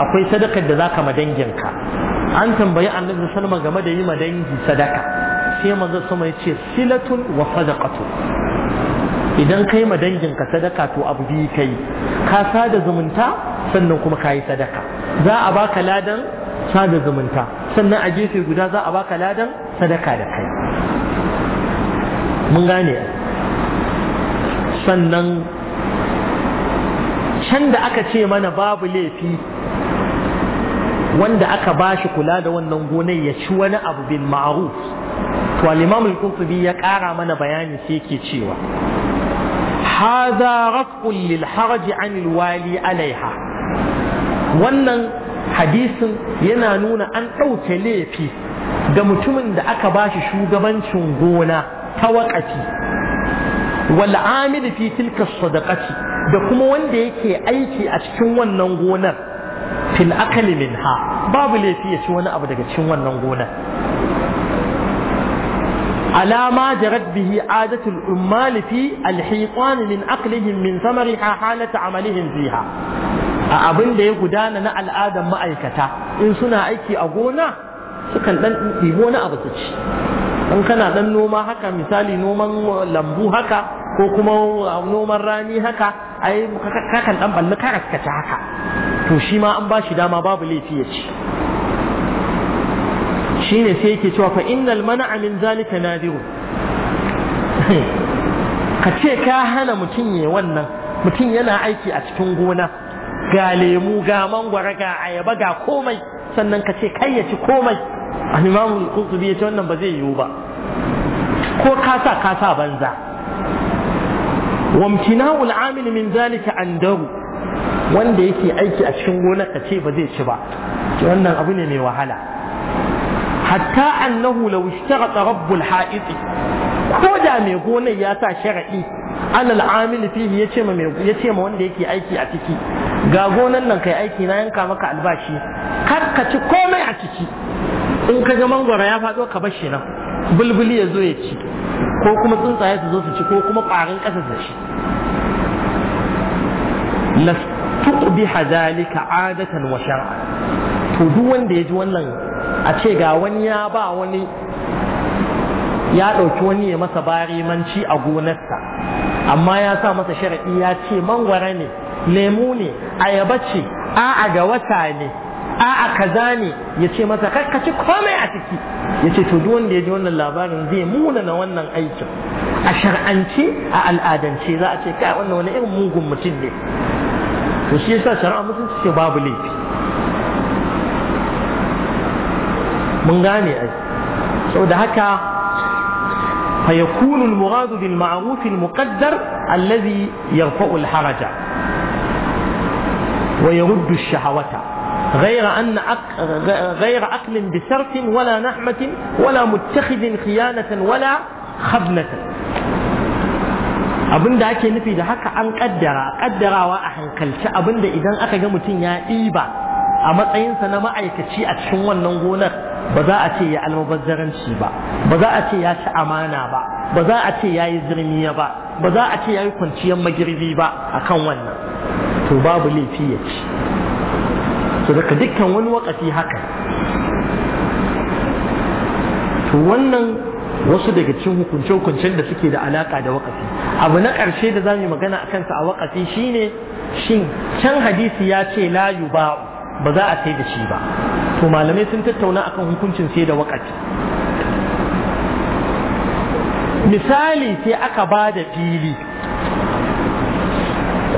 akwai sadakar da zaka ma danginka an tambayi annabi sallama game da yi ma dangi sadaka sai manzo sama ya ce silatun wa sadaqatu idan kai ma danginka sadaka to abu biyu kai ka sada zumunta sannan kuma ka yi sadaka za a baka ladan sada zumunta sannan a gefe guda za a baka ladan sadaka da kai mun gane sannan can da aka ce mana babu laifi wanda aka bashi kula da wannan gonai ya ci wani abu bin ma'ruf to al-imam al-qurtubi ya kara mana bayani sai yake cewa haza رفع للحرج عن wali alaiha. wannan hadisin yana nuna an ɗauke laifi ga mutumin da aka ba shi shugabancin gona ta waƙafi wal'amil fi tilka sadaqati da kuma wanda yake aiki a cikin wannan gonar fil akali minha babu laifi ya ci wani abu daga cikin wannan gonar alama jarat bihi adatul ummal fi alhiqan min aqlihim min samariha halata amalihim a abin da ya gudana na al'adar ma'aikata in suna aiki a gona sukan dan ɗibi wani abu su ci in kana dan noma haka misali noman lambu haka ko kuma noman rani haka ai kakan dan balli karas ka haka to shi ma an bashi dama babu laifi ya ci shine sai yake cewa fa innal mana'a min zalika nadiru ka ce ka hana mutum ya wannan mutum yana aiki a cikin gona ga lemu ga mangwara ga ayaba ga komai sannan ka ce kai ya ci komai an imamu kurtubi ya ce wannan ba zai yiwu ba ko ka sa ka sa banza wamtina'u al'amil min zalika andaru wanda yake aiki a cikin gona ka ce ba zai ci ba wannan abu ne mai wahala hatta annahu law ishtarata rabbul ha'iti ko da mai gonan ya sa shara'i alal amil fihi yace ma yace ma wanda yake aiki a ciki ga gonan nan kai aiki na yanka maka albashi kar ka ci komai a ciki in ka ga mangwara ya faɗo ka bar shi na bulbuli ya zo ya ci ko kuma tsuntsaye su zo su ci ko kuma ƙwarin ƙasa su ci la tuqbiha zalika adatan wa shar'a to duk wanda ya ji wannan a ce ga wani ya ba wani ya ɗauki wani ya masa barimanci a gonarsa amma ya sa masa sharaɗi ya ce mangwara ne lemu ne ayaba ce a'a ga wata ne a'a kaza ne ya ce masa karkaci komai a ciki ya ce to duk wanda ya ji wannan labarin zai muna na wannan aikin a shar'ance a al'adance za a ce kai wannan wani irin mugun mutum ne to shi yasa shari'a mutunci ce babu laifi mun gane ai saboda haka fa yakunu al-muradu bil ma'ruf al-muqaddar alladhi yarfa'u al-haraja wa yaruddu ash-shahawata غير أن أق... غير أقل بسرف ولا نحمة ولا متخذ خيانة ولا خبنة abin da ake nufi da haka an kaddara kaddarawa a hankalci abin da idan aka ga mutum ya ɗiba a matsayinsa na ma'aikaci a cikin wannan gonar ba za a ce ya almubazzaranci ba ba za a ce ya ci amana ba ba za a ce ya yi zirmiya ba ba za a ce ya yi kwanciyar magirbi ba a kan wannan to babu laifi ya ci to daga dukkan wani wakati haka to wannan wasu daga cikin hukunce-hukuncen da suke da alaƙa da wakati abu na ƙarshe da za mu magana a kansa a wakati shine shin can hadisi ya ce layu ba'u ba za a sai da shi ba to malamai sun tattauna akan hukuncin sai da wakati misali sai aka ba da fili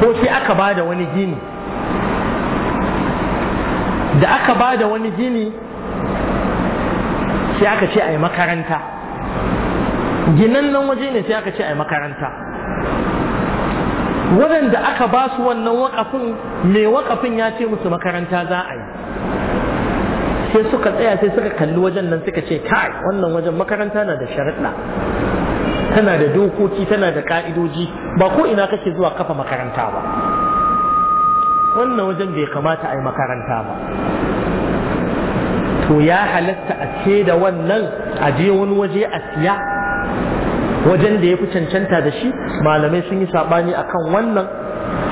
ko sai aka ba da wani gini da aka ba da wani gini sai aka ce a yi makaranta ginan nan waje ne sai aka ce a yi makaranta waɗanda aka ba su wannan waƙafin mai waƙafin ya ce musu makaranta za a yi sai suka tsaya sai suka kalli wajen nan suka ce kai wannan wajen makaranta na da sharaɗa tana da dokoki tana da ka'idoji ba ko ina kake zuwa kafa makaranta ba wannan wajen bai kamata a yi makaranta ba to ya halatta a ce da wannan a je wani waje a siya wajen da ya fi cancanta da shi malamai sun yi saɓani akan wannan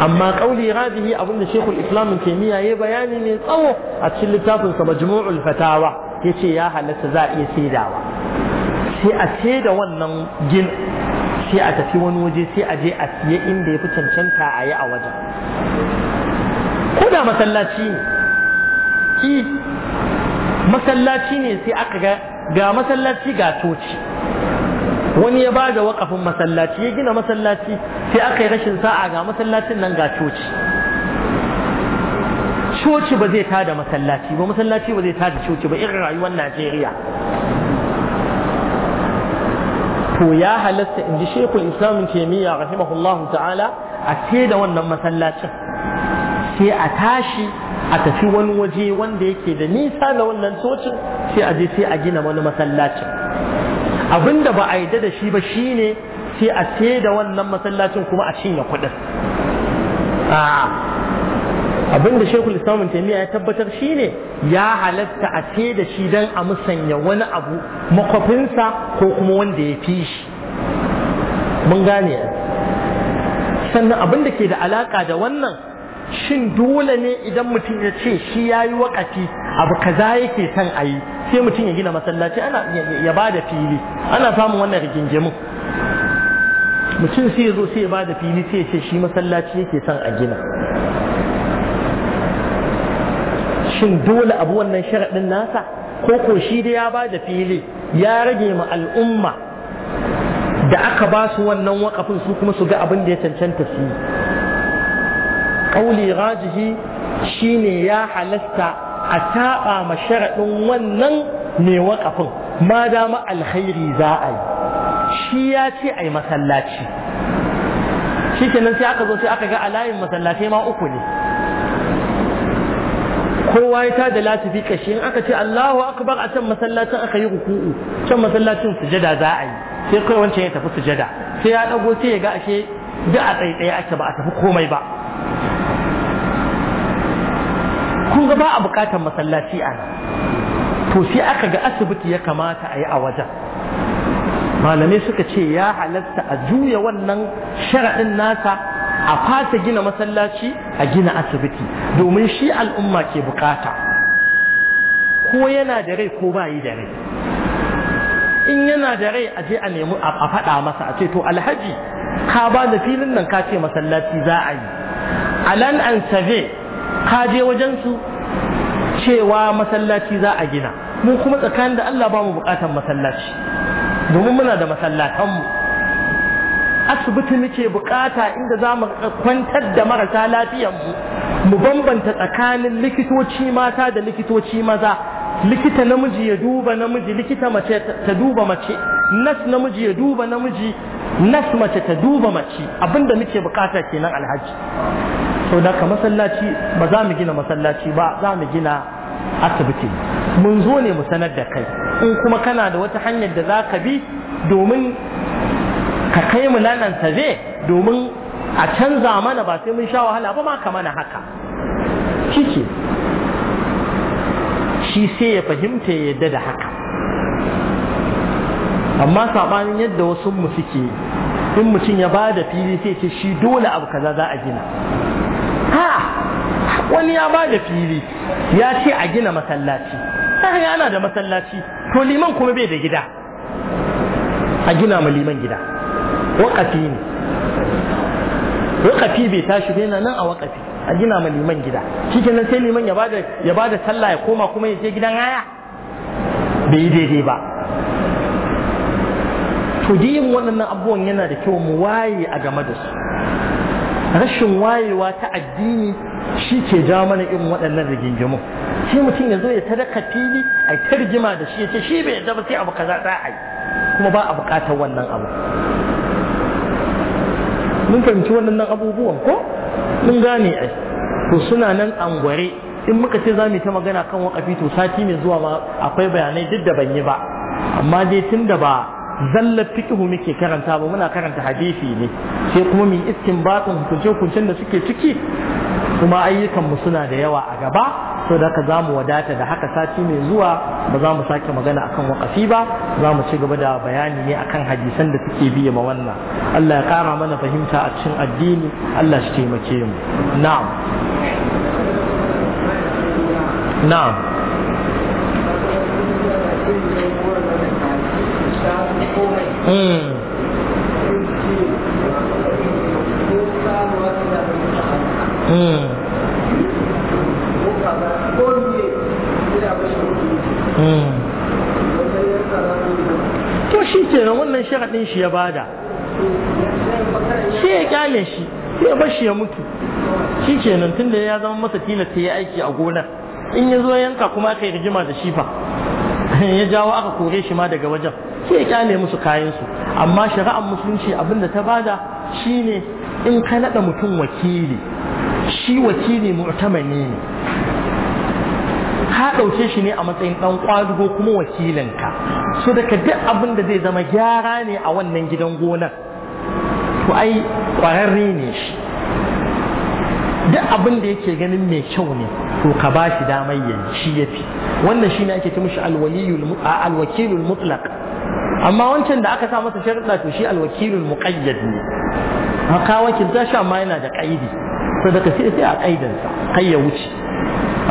amma kauli rabihi abinda shekul islam taimiyya ya bayani mai tsawo a cikin littafinsa majmu'ul fatawa ya ce ya halatta za a iya saidawa sai a saida wannan gin sai a tafi wani waje sai a je a siye inda ya fi cancanta a yi a wajen ko masallaci ne masallaci ne sai aka ga ga masallaci ga coci wani ya bada wakafin masallaci ya gina masallaci sai aka yi rashin sa'a ga masallacin nan ga coci coci ba zai tada masallaci ba masallaci ba zai tada coci ba irin rayuwar Najeriya to ya halatta in ji shekul a taimiyya rahimahullahu ta'ala a ce da wannan masallacin sai a tashi a tafi wani waje wanda yake da nisa da wannan cocin sai a je sai a gina wani masallacin abinda ba a yi da shi ba shine sai a ce da wannan masallacin kuma a cinye kuɗin abinda shekul samun taimiyya ya tabbatar shine ya halatta a ce da shi don a musanya wani abu makwafinsa ko kuma wanda ya fi shi mun gane sannan abinda ke da alaka da wannan shin dole ne idan mutum ya ce shi ya yi wakati abu kaza yake son a yi sai mutum ya gina masallaci ana ya ba da fili ana samun wannan rigingimu mutum sai ya zo sai ya ba da fili sai ya ce shi masallaci yake son a gina shin dole abu wannan sharaɗin nasa ko ko shi da ya ba da fili ya rage ma al'umma da aka ba su wannan wakafin su kuma su ga abin da ya cancanta su yi ƙauli rajihi shine ya halasta a taɓa ma sharaɗin wannan mai waƙafin ma dama alkhairi za a yi shi ya ce a yi masallaci shi kenan sai aka zo sai aka ga alayin masallaci ma uku ne kowa ya tada latifi kashi in aka ce Allahu akbar a can masallacin aka yi ruku'u can masallacin sujada za a yi sai kai wancan ya tafi sujada sai ya ɗago sai ya ga ashe duk a tsaitsaye ake ba a tafi komai ba kun ga ba a bukatar masallaci a to sai aka ga asibiti ya kamata a yi a wajen malamai suka ce ya halatta a juya wannan sharaɗin nasa a fasa gina masallaci a gina asibiti domin shi al'umma ke bukata ko yana da rai ko ba yi da rai in yana da rai a je a nemi a faɗa masa a ce to alhaji ka ba da filin nan ka ce masallaci za a yi alan an save ka je wajen su cewa masallaci za a gina mu kuma tsakanin da Allah ba mu bukatan masallaci domin muna da masallatanmu asibiti muke bukata inda za mu kwantar da marasa lafiyanmu mu bambanta tsakanin likitoci mata da likitoci maza likita namiji ya duba namiji likita mace ta duba mace nas namiji ya duba namiji nas mace ta duba mace abinda muke bukata kenan alhaji sau da ka masallaci ba za mu gina masallaci ba za mu gina asibiti mun zo ne mu sanar da kai in kuma kana da wata hanyar da za ka bi domin ka kai mu nan zai domin a canza mana ba sai mun sha wahala ba ma ka mana haka shi shi sai ya fahimta ya yadda da haka amma sabanin yadda wasu mu suke in mutum ya ba da fili sai ce shi dole abu kaza za a gina ha wani ya ba da fili ya ce a gina masallaci sai ana da masallaci to liman kuma bai da gida a gina ma liman gida wakafi ne wakafi bai tashi bai nan a wakafi a gina ma liman gida shi kenan sai liman ya bada ya bada sallah ya koma kuma ya je gidan haya bai yi daidai ba to yin waɗannan abubuwan yana da kyau mu waye a game da su rashin wayewa ta addini shi ke jawo mana irin waɗannan rigingimu Shi mutum ya zo ya sadaka fili a ta rigima da shi ya ce shi bai yadda ba sai abu kaza za a yi kuma ba a buƙatar wannan abu mun fahimci waɗannan abubuwan ko mun gane ai to suna nan angware in muka ce za mu yi ta magana kan wakafi to sati mai zuwa ma akwai bayanai duk da ban yi ba amma dai tun da ba zallar fiqhu muke karanta ba muna karanta hadisi ne sai kuma mu iskin batun hukunce hukuncen da suke ciki kuma ayyukan mu suna da yawa a gaba so da ka zamu wadata da haka sati mai zuwa ba za mu sake magana akan wakafi ba za mu ci gaba da bayani ne akan hadisan da suke biya ma wannan Allah ya kara mana fahimta a cikin addini Allah shi taimake mu na'am na'am Hmm. Hmm. Hmm. to shi kenan wannan sharaɗin shi ya bada shi ya kyale shi sai ya shi ya mutu shi kenan da ya zama masa tilasta ya aiki a gonar in ya zo yanka kuma aka yi rigima da shifa. [laughs] ya jawo aka kore shi ma daga wajen sai ya kyale musu kayansu amma shari'ar musulunci abinda ta bada shine in ka naɗa mutum wakili shi wakili mu'tamani ne ka ɗauke shi ne a matsayin ɗan kwadugo kuma wakilinka so daga duk abin da zai zama gyara ne a wannan gidan gonar to ai ƙwararre ne shi duk abin da yake ganin mai kyau ne to ka ba shi damar yanci ya fi wannan shi ne ake ta mishi alwakilul mutlaq amma wancan da aka sa masa sharuɗa to shi alwakilul muqayyad ne haka wakilta shi amma yana da ƙaidi sai daga sai sai a ƙaidansa kai ya wuce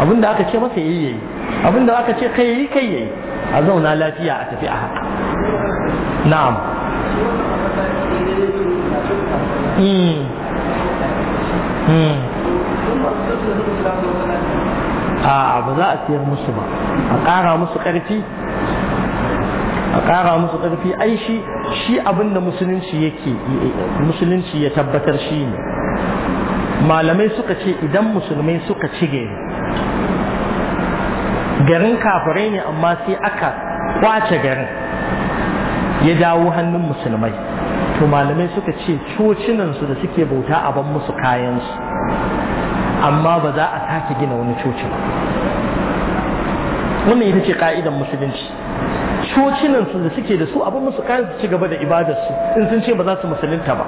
abin da aka ce masa yayi yayi abin da aka ce kai yayi kai yayi a zauna lafiya a tafi a haka na'am Hmm. hmm. a ba za a siyar musu ba a ƙara musu ƙarfi a ƙara musu ƙarfi ai shi shi abin da musulunci yake musulunci ya tabbatar shi ne malamai suka ce idan musulmai suka ci gari garin kafirai ne amma sai aka kwace garin ya dawo hannun musulmai to malamai suka ce cocinansu da suke bauta a ban musu kayansu amma ba za a sake gina wani coci ba wannan ita ce ka'idan musulunci cocinan su da suke da su abin musu kayan su ci gaba da ibadar su in sun ce ba za su musulunta ba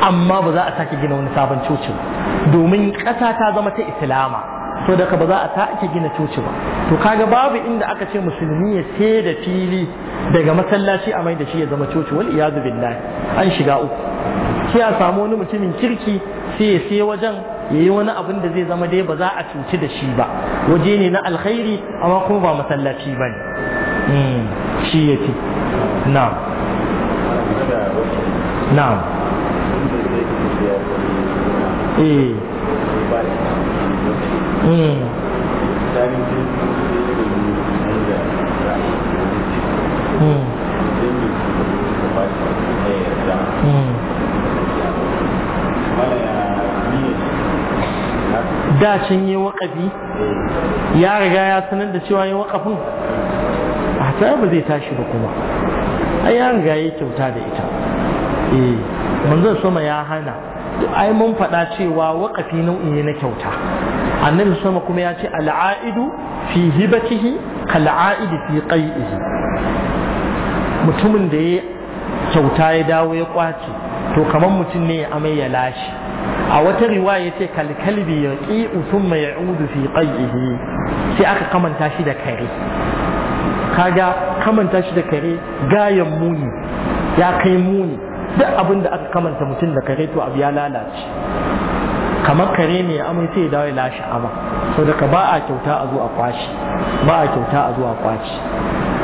amma ba za a sake gina wani sabon coci ba domin ƙasa ta zama ta islama to daga ba za a sake gina coci ba to kaga babu inda aka ce musulmi ya sai da fili daga masallaci a mai da shi ya zama coci wal iyadu billahi an shiga uku sai a samu wani mutumin kirki sai ya sai wajen yayi wani abin da zai zama dai ba za a cuci da shi ba waje ne na alkhairi amma kuma ba masallaci ne hmm, shi ce na'am na'am eh hmm. da can yi waƙafi ya riga ya sanar da cewa yi waƙafin a ta ba zai tashi ba kuma ai ya riga ya kyauta da ita eh manzon sama ya hana ai mun faɗa cewa waƙafi nau'i ne na kyauta annabi sama kuma ya ce al'aidu fi hibatihi kal'a'idu fi qai'ihi mutumin da ya kyauta ya dawo ya kwace to kamar mutum ne ya amai ya lashe a wata riwaya yace ya ƙi yaqi mai ya'udu fi qaihi sai aka kamanta shi da kare kaga kamanta shi da kare gayan muni ya kai muni duk abin da aka kamanta mutum da kare to abu ya lalace kamar kare ya amai sai dawo ya lashe ama so daga ba a kyauta a zo a kwashi ba a kyauta a zo a kwashi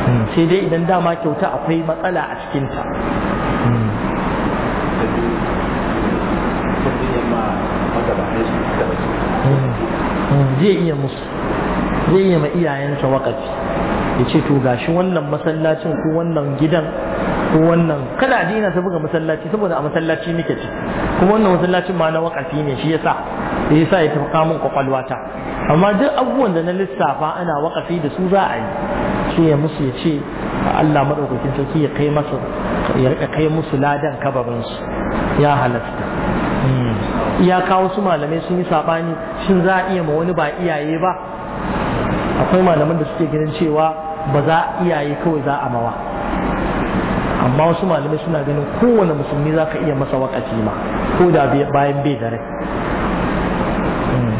hmm, sai dai idan dama kyauta akwai matsala a cikinta hmm. zai iya musu zai iya ma iyayensa wakafi ya ce to gashi wannan masallacin ko wannan gidan ko wannan kada dina ta buga masallaci saboda a masallaci muke ci kuma wannan masallacin ma na wakafi ne shi yasa sa yasa ya tafi kamun kwakwalwata amma duk abubuwan da na lissafa ana wakafi da su za a yi shi ya musu ya ce Allah madaukakin sarki ya kai masa ya kai musu ladan kabarinsu ya halatta ya kawo su malamai sun yi saɓani shin za a iya ma wani ba iyaye ba akwai malaman da suke ganin cewa ba za iyaye kawai za a mawa amma wasu malamai suna ganin kowane musulmi za ka iya masa wakati ma ko da bayan bai da rai hmm.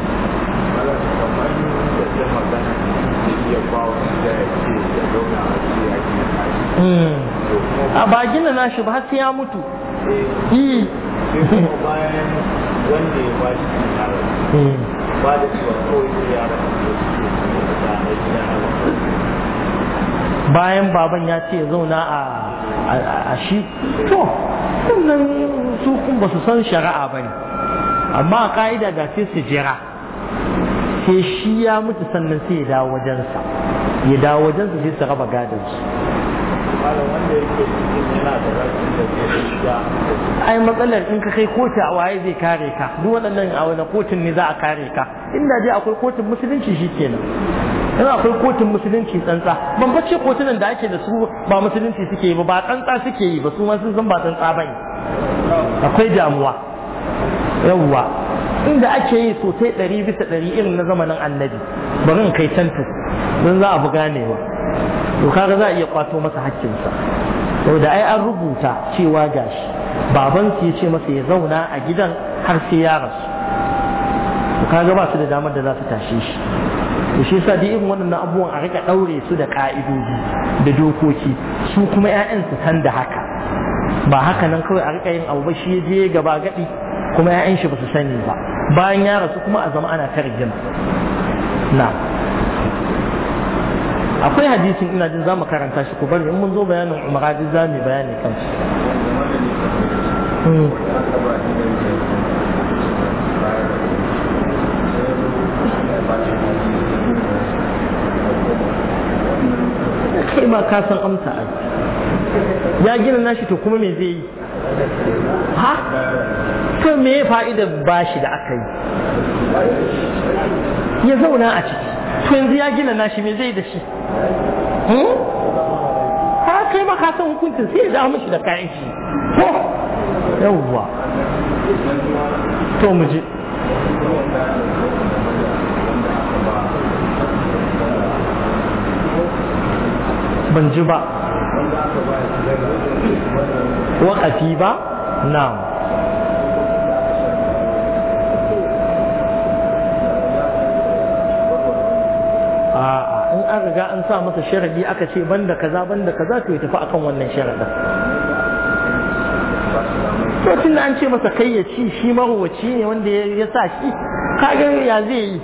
Hmm. a bagina na shi ba har sai ya mutu eh. hmm. wanda ya ba shi yaron hmm. ba da cewa kawai zai yaron da ya gida bayan baban ya ce zauna a shi to sannan su kun ba su san shari'a ba ne amma a ka'ida ga sai su jira sai shi ya mutu sannan sai ya dawo wajensa ya dawo wajensa sai su raba gadon su ai matsalar in ka kai kotu a waye zai kare ka duk waɗannan a wani kotun ne za a kare ka inda dai akwai kotun musulunci shikenan yana akwai kotun musulunci tsantsa ban bace kotunan da ake da su ba musulunci suke yi ba ba tsantsa suke yi ba su ma sun san ba tsantsa bane akwai damuwa yawwa inda ake yi sosai ɗari bisa ɗari irin na zamanin annabi bari in kai tantu don za a fi ganewa to kaga za a iya kwato masa haƙƙinsa, da ai an rubuta cewa gashi babansu ya ce masa ya zauna a gidan har sai ya rasu to kaga ba su da damar da za su tashe shi to shi yasa duk irin waɗannan abubuwan a rika ɗaure su da ƙa'idodi da dokoki su kuma ƴaƴan su san da haka ba haka nan kawai a rika yin abu ba shi je gaba gaɗi kuma 'ya'yan shi ba su sani ba bayan ya rasu kuma a zama ana ta na akwai hadisin ina jin zamu karanta shi ku bari in mun zo bayanin umara za zamu bayani kan shi hmm. ma ka san amsa ai ya gina nashi to kuma me zai yi ha to me fa'idar bashi da aka yi ya zauna a ciki tunzi ya gina nashi me zai da shi hmm? ha kai ma ka san hukuncin sai ya dawo mishi da kayan shi to yawwa to mu je ban ji ba waƙafi ba na'am an riga an sa masa sharadi aka ce banda kaza banda kaza to ya tafi akan wannan sharadin to tun da an ce masa kai ya ci shi mahuwaci ne wanda ya sa shi kaga ya zai yi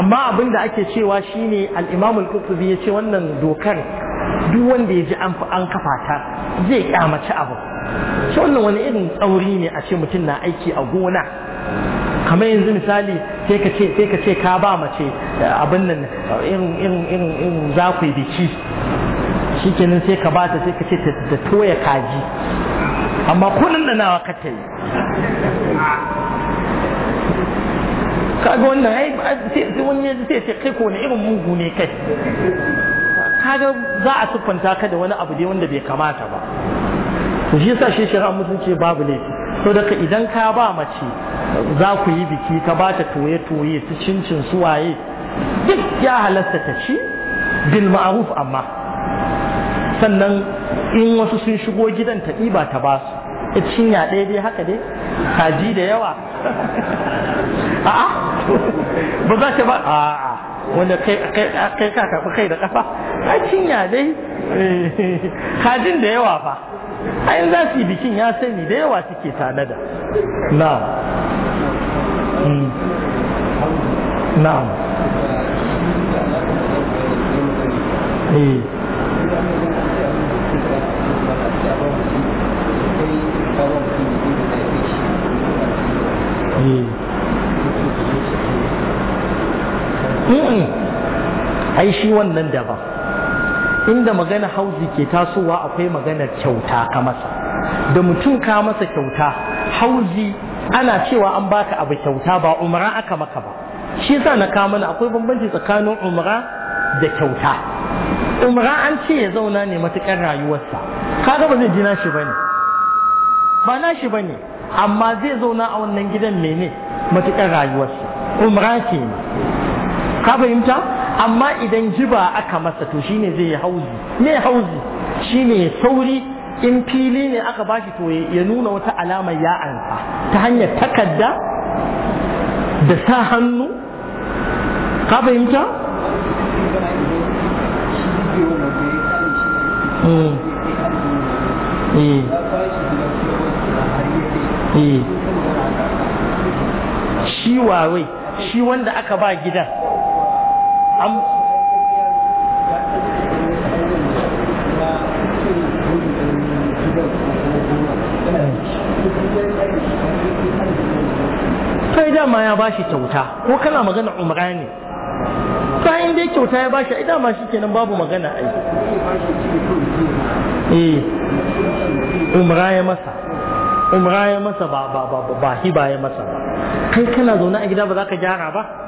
amma abin da ake cewa shine al-Imam al-Qurtubi ya ce wannan dokar duk wanda ya ji an an kafa ta zai kyamaci abu shi wannan wani irin tsauri ne a ce mutum na aiki a gona kamar yanzu misali sai ka ce sai ka ce ka ba mace abin nan irin in in in za ku yi biki shikenan sai ka bata sai ka ce ta toya kaji amma kullun da nawa ka ta yi kaga wannan ai sai wani sai ce kai ko ne irin mugu ne kai kaga za a siffanta ka da wani abu dai wanda bai kamata ba to shi yasa shi ran mutunci babu laifi so daga idan ka ba mace za ku yi biki ka ba ta toye-toye su cincin su waye duk ya halasta ta ci bil ma'ruf amma sannan in wasu sun shigo gidan ta ɗiba ta ba su cinya ɗaya dai haka dai kaji da yawa [laughs] a'a ba za ta ba a'a wanda kai ka karɓi kai da ƙafa a cinya dai [laughs] kajin da yawa ba. ayin za su yi bikin ya sani da yawa suke tanada na'am hmm. na'am eh. Eh. ai shi wannan daban inda magana hauzi ke tasowa akwai maganar kyauta ka masa da mutum ka masa kyauta hauzi ana cewa an baka abu kyauta ba umra aka maka ba shi yasa na kama mana akwai bambanci tsakanin umra da kyauta umra an ce ya zauna ne matukar rayuwarsa kaga ba zai ji nashi bane ba nashi bane amma zai zauna a wannan gidan mene matukar rayuwarsa umra ke ka fahimta amma idan jiba aka masa to shine zai yi hauzi me hauzi shine sauri in fili ne aka bashi to ya nuna wata alama ya ansa ta hanyar takarda da sa hannu ka fahimta mm. eh. Eh. shi wawai shi wanda aka ba gidan an kai dama ya bashi kyauta ko kana magana umra ne ta dai kyauta ya bashi idan ma shi kenan babu magana ai eh umra ya masa umra ya masa ba ba ba ba hiba ya masa kai kana zaune a gida ba za ka gyara ba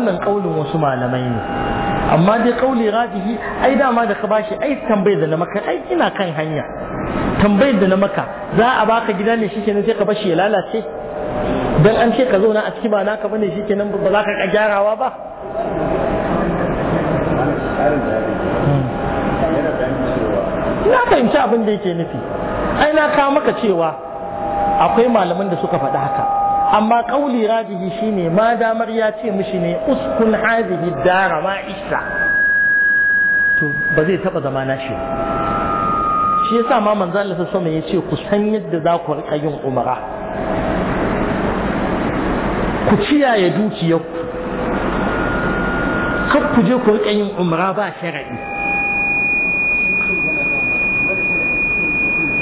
wannan kaulin wasu malamai ne amma dai kauli rajihi ai dama da ka bashi ai tambayar da na maka ai ina kan hanya tambayar da na maka za a baka gida ne shi kenan sai ka bashi ya lalace dan an ce ka zauna a cikin ba ka bane shi kenan ba za ka gyarawa ba na fahimci abin da yake nufi ai na kawo maka cewa akwai malaman da suka faɗi haka amma kauli rajihi shine ma damar ya ce mishi ne uskun hadhihi dara ma isha to ba zai taba zama na shi shi yasa ma manzo Allah sallallahu alaihi wasallam yace ku san yadda za ku rika yin umara ku ciyaye dukiyarku kar ku je ku rika yin umara ba sharadi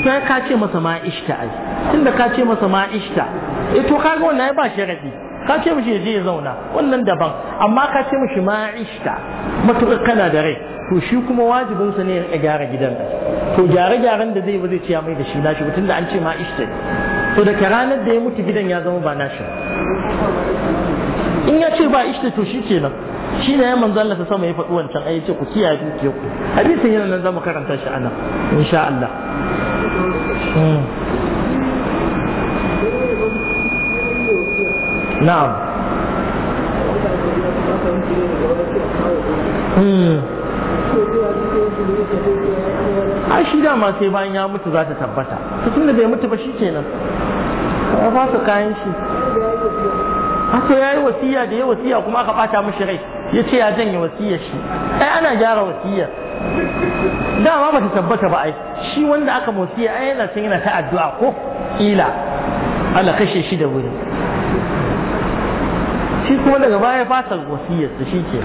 sai ka ce masa ma ishta ai tunda ka ce masa ma ishta E, to kaga wannan ya ba shi rabi ka ce mishi je ya zauna wannan daban amma ka ce mishi ma ishta matuƙar kana da rai to shi kuma wajibin sa ne ya gyara gidan da to gyare-gyaren da zai ba zai ciya mai da shi shi mutum da an ce ma ishta to da ranar da ya mutu gidan ya zama ba nashi in ya ce ba ishta to shi kenan shi ne manzo Allah sama ya faɗi wancan ai ce ku kiyaye dukiyarku hadisin yana nan zamu karanta shi anan insha Allah hmm. na'am hmm. ai shi dama sai bayan ya mutu za ta tabbata ta tunda bai mutu ba shi kenan ya fasa kayan shi a to ya yi wasiya da ya wasiya kuma aka bata mashi rai ya ce ya janye wasiyar shi ai ana gyara wasiyar dama ba ta tabbata ba ai shi wanda aka wasiya ai yana san yana ta addu'a ko kila ala kashe shi da wuri shi kuma daga baya fasa wasiyar su shi ke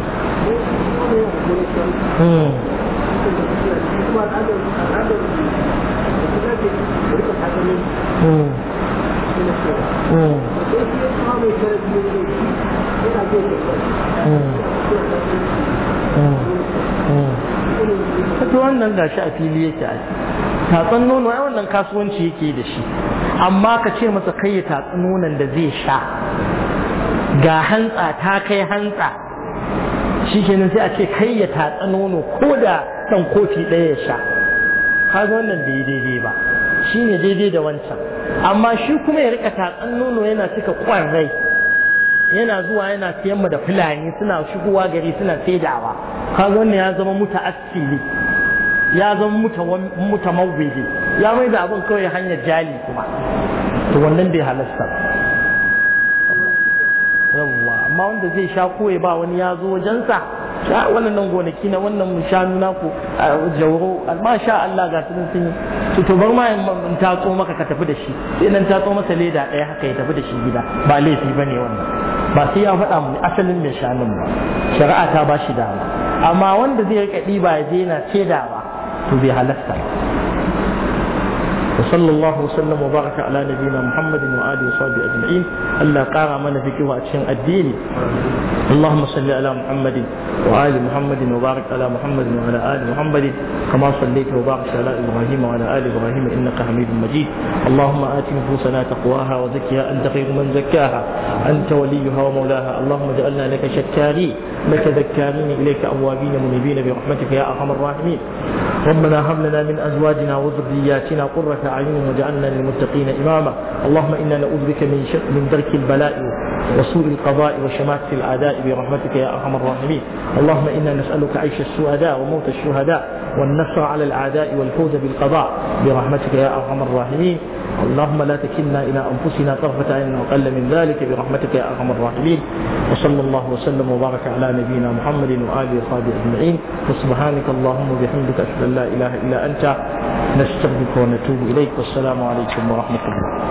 ta wannan gashi a fili yake a tatsan nono ai wannan kasuwanci yake da shi amma ka ce masa kai ya tatsi nonon da zai sha ga hantsa ta kai hantsa shi kenan sai a ce kai ya tatsi nono ko da ɗan kofi ɗaya ya sha kaga wannan bai daidai ba shi ne daidai da wancan amma shi kuma ya rika tatsan nono yana cika rai. yana zuwa yana siyan mu da fulani suna shigowa gari suna saidawa kaga wannan ya zama muta asili ya zama muta muta ya mai da abin kawai hanyar jali kuma to wannan bai halasta yawwa amma wanda zai sha koyi ba wani ya zo wajensa sha wannan gonaki na wannan shanu na ku jauro amma sha Allah ga sun sun to to bar ma in tatso maka ka tafi da shi sai nan tatso masa leda ɗaya haka ya tafi da shi gida ba laifi bane wannan ba sai ya faɗa mu asalin mai shanun ba shari'a ta ba shi dama amma wanda zai rika ɗiba ya je ceda ba to bai halasta وصلى الله وسلم وبارك على نبينا محمد وآله وصحبه أجمعين ألا قارا من فيك وأتشن الدين اللهم صل على محمد وآل محمد وبارك على محمد وعلى آل محمد كما صليت وباركت على إبراهيم وعلى آل إبراهيم إنك حميد مجيد اللهم آت نفوسنا تقواها وزكها أنت خير من زكاها أنت وليها ومولاها اللهم اجعلنا لك شكارين لك ذكارين إليك أوابين منيبين برحمتك يا أرحم الراحمين ربنا هب لنا من أزواجنا وذرياتنا قرة أعينهم وجعلنا للمتقين إماما اللهم إنا نعوذ بك من, شر من درك البلاء وسوء القضاء وشماتة الأعداء برحمتك يا أرحم الراحمين اللهم إنا نسألك عيش السعداء وموت الشهداء والنصر على الأعداء والفوز بالقضاء برحمتك يا أرحم الراحمين اللهم لا تكلنا إلى أنفسنا طرفة عين وقل من ذلك برحمتك يا أرحم الراحمين وصلى الله وسلم وبارك على نبينا محمد وآله وصحبه أجمعين وسبحانك اللهم وبحمدك أشهد أن لا إله إلا أنت نستغفرك ونتوب إليك والسلام عليكم ورحمة الله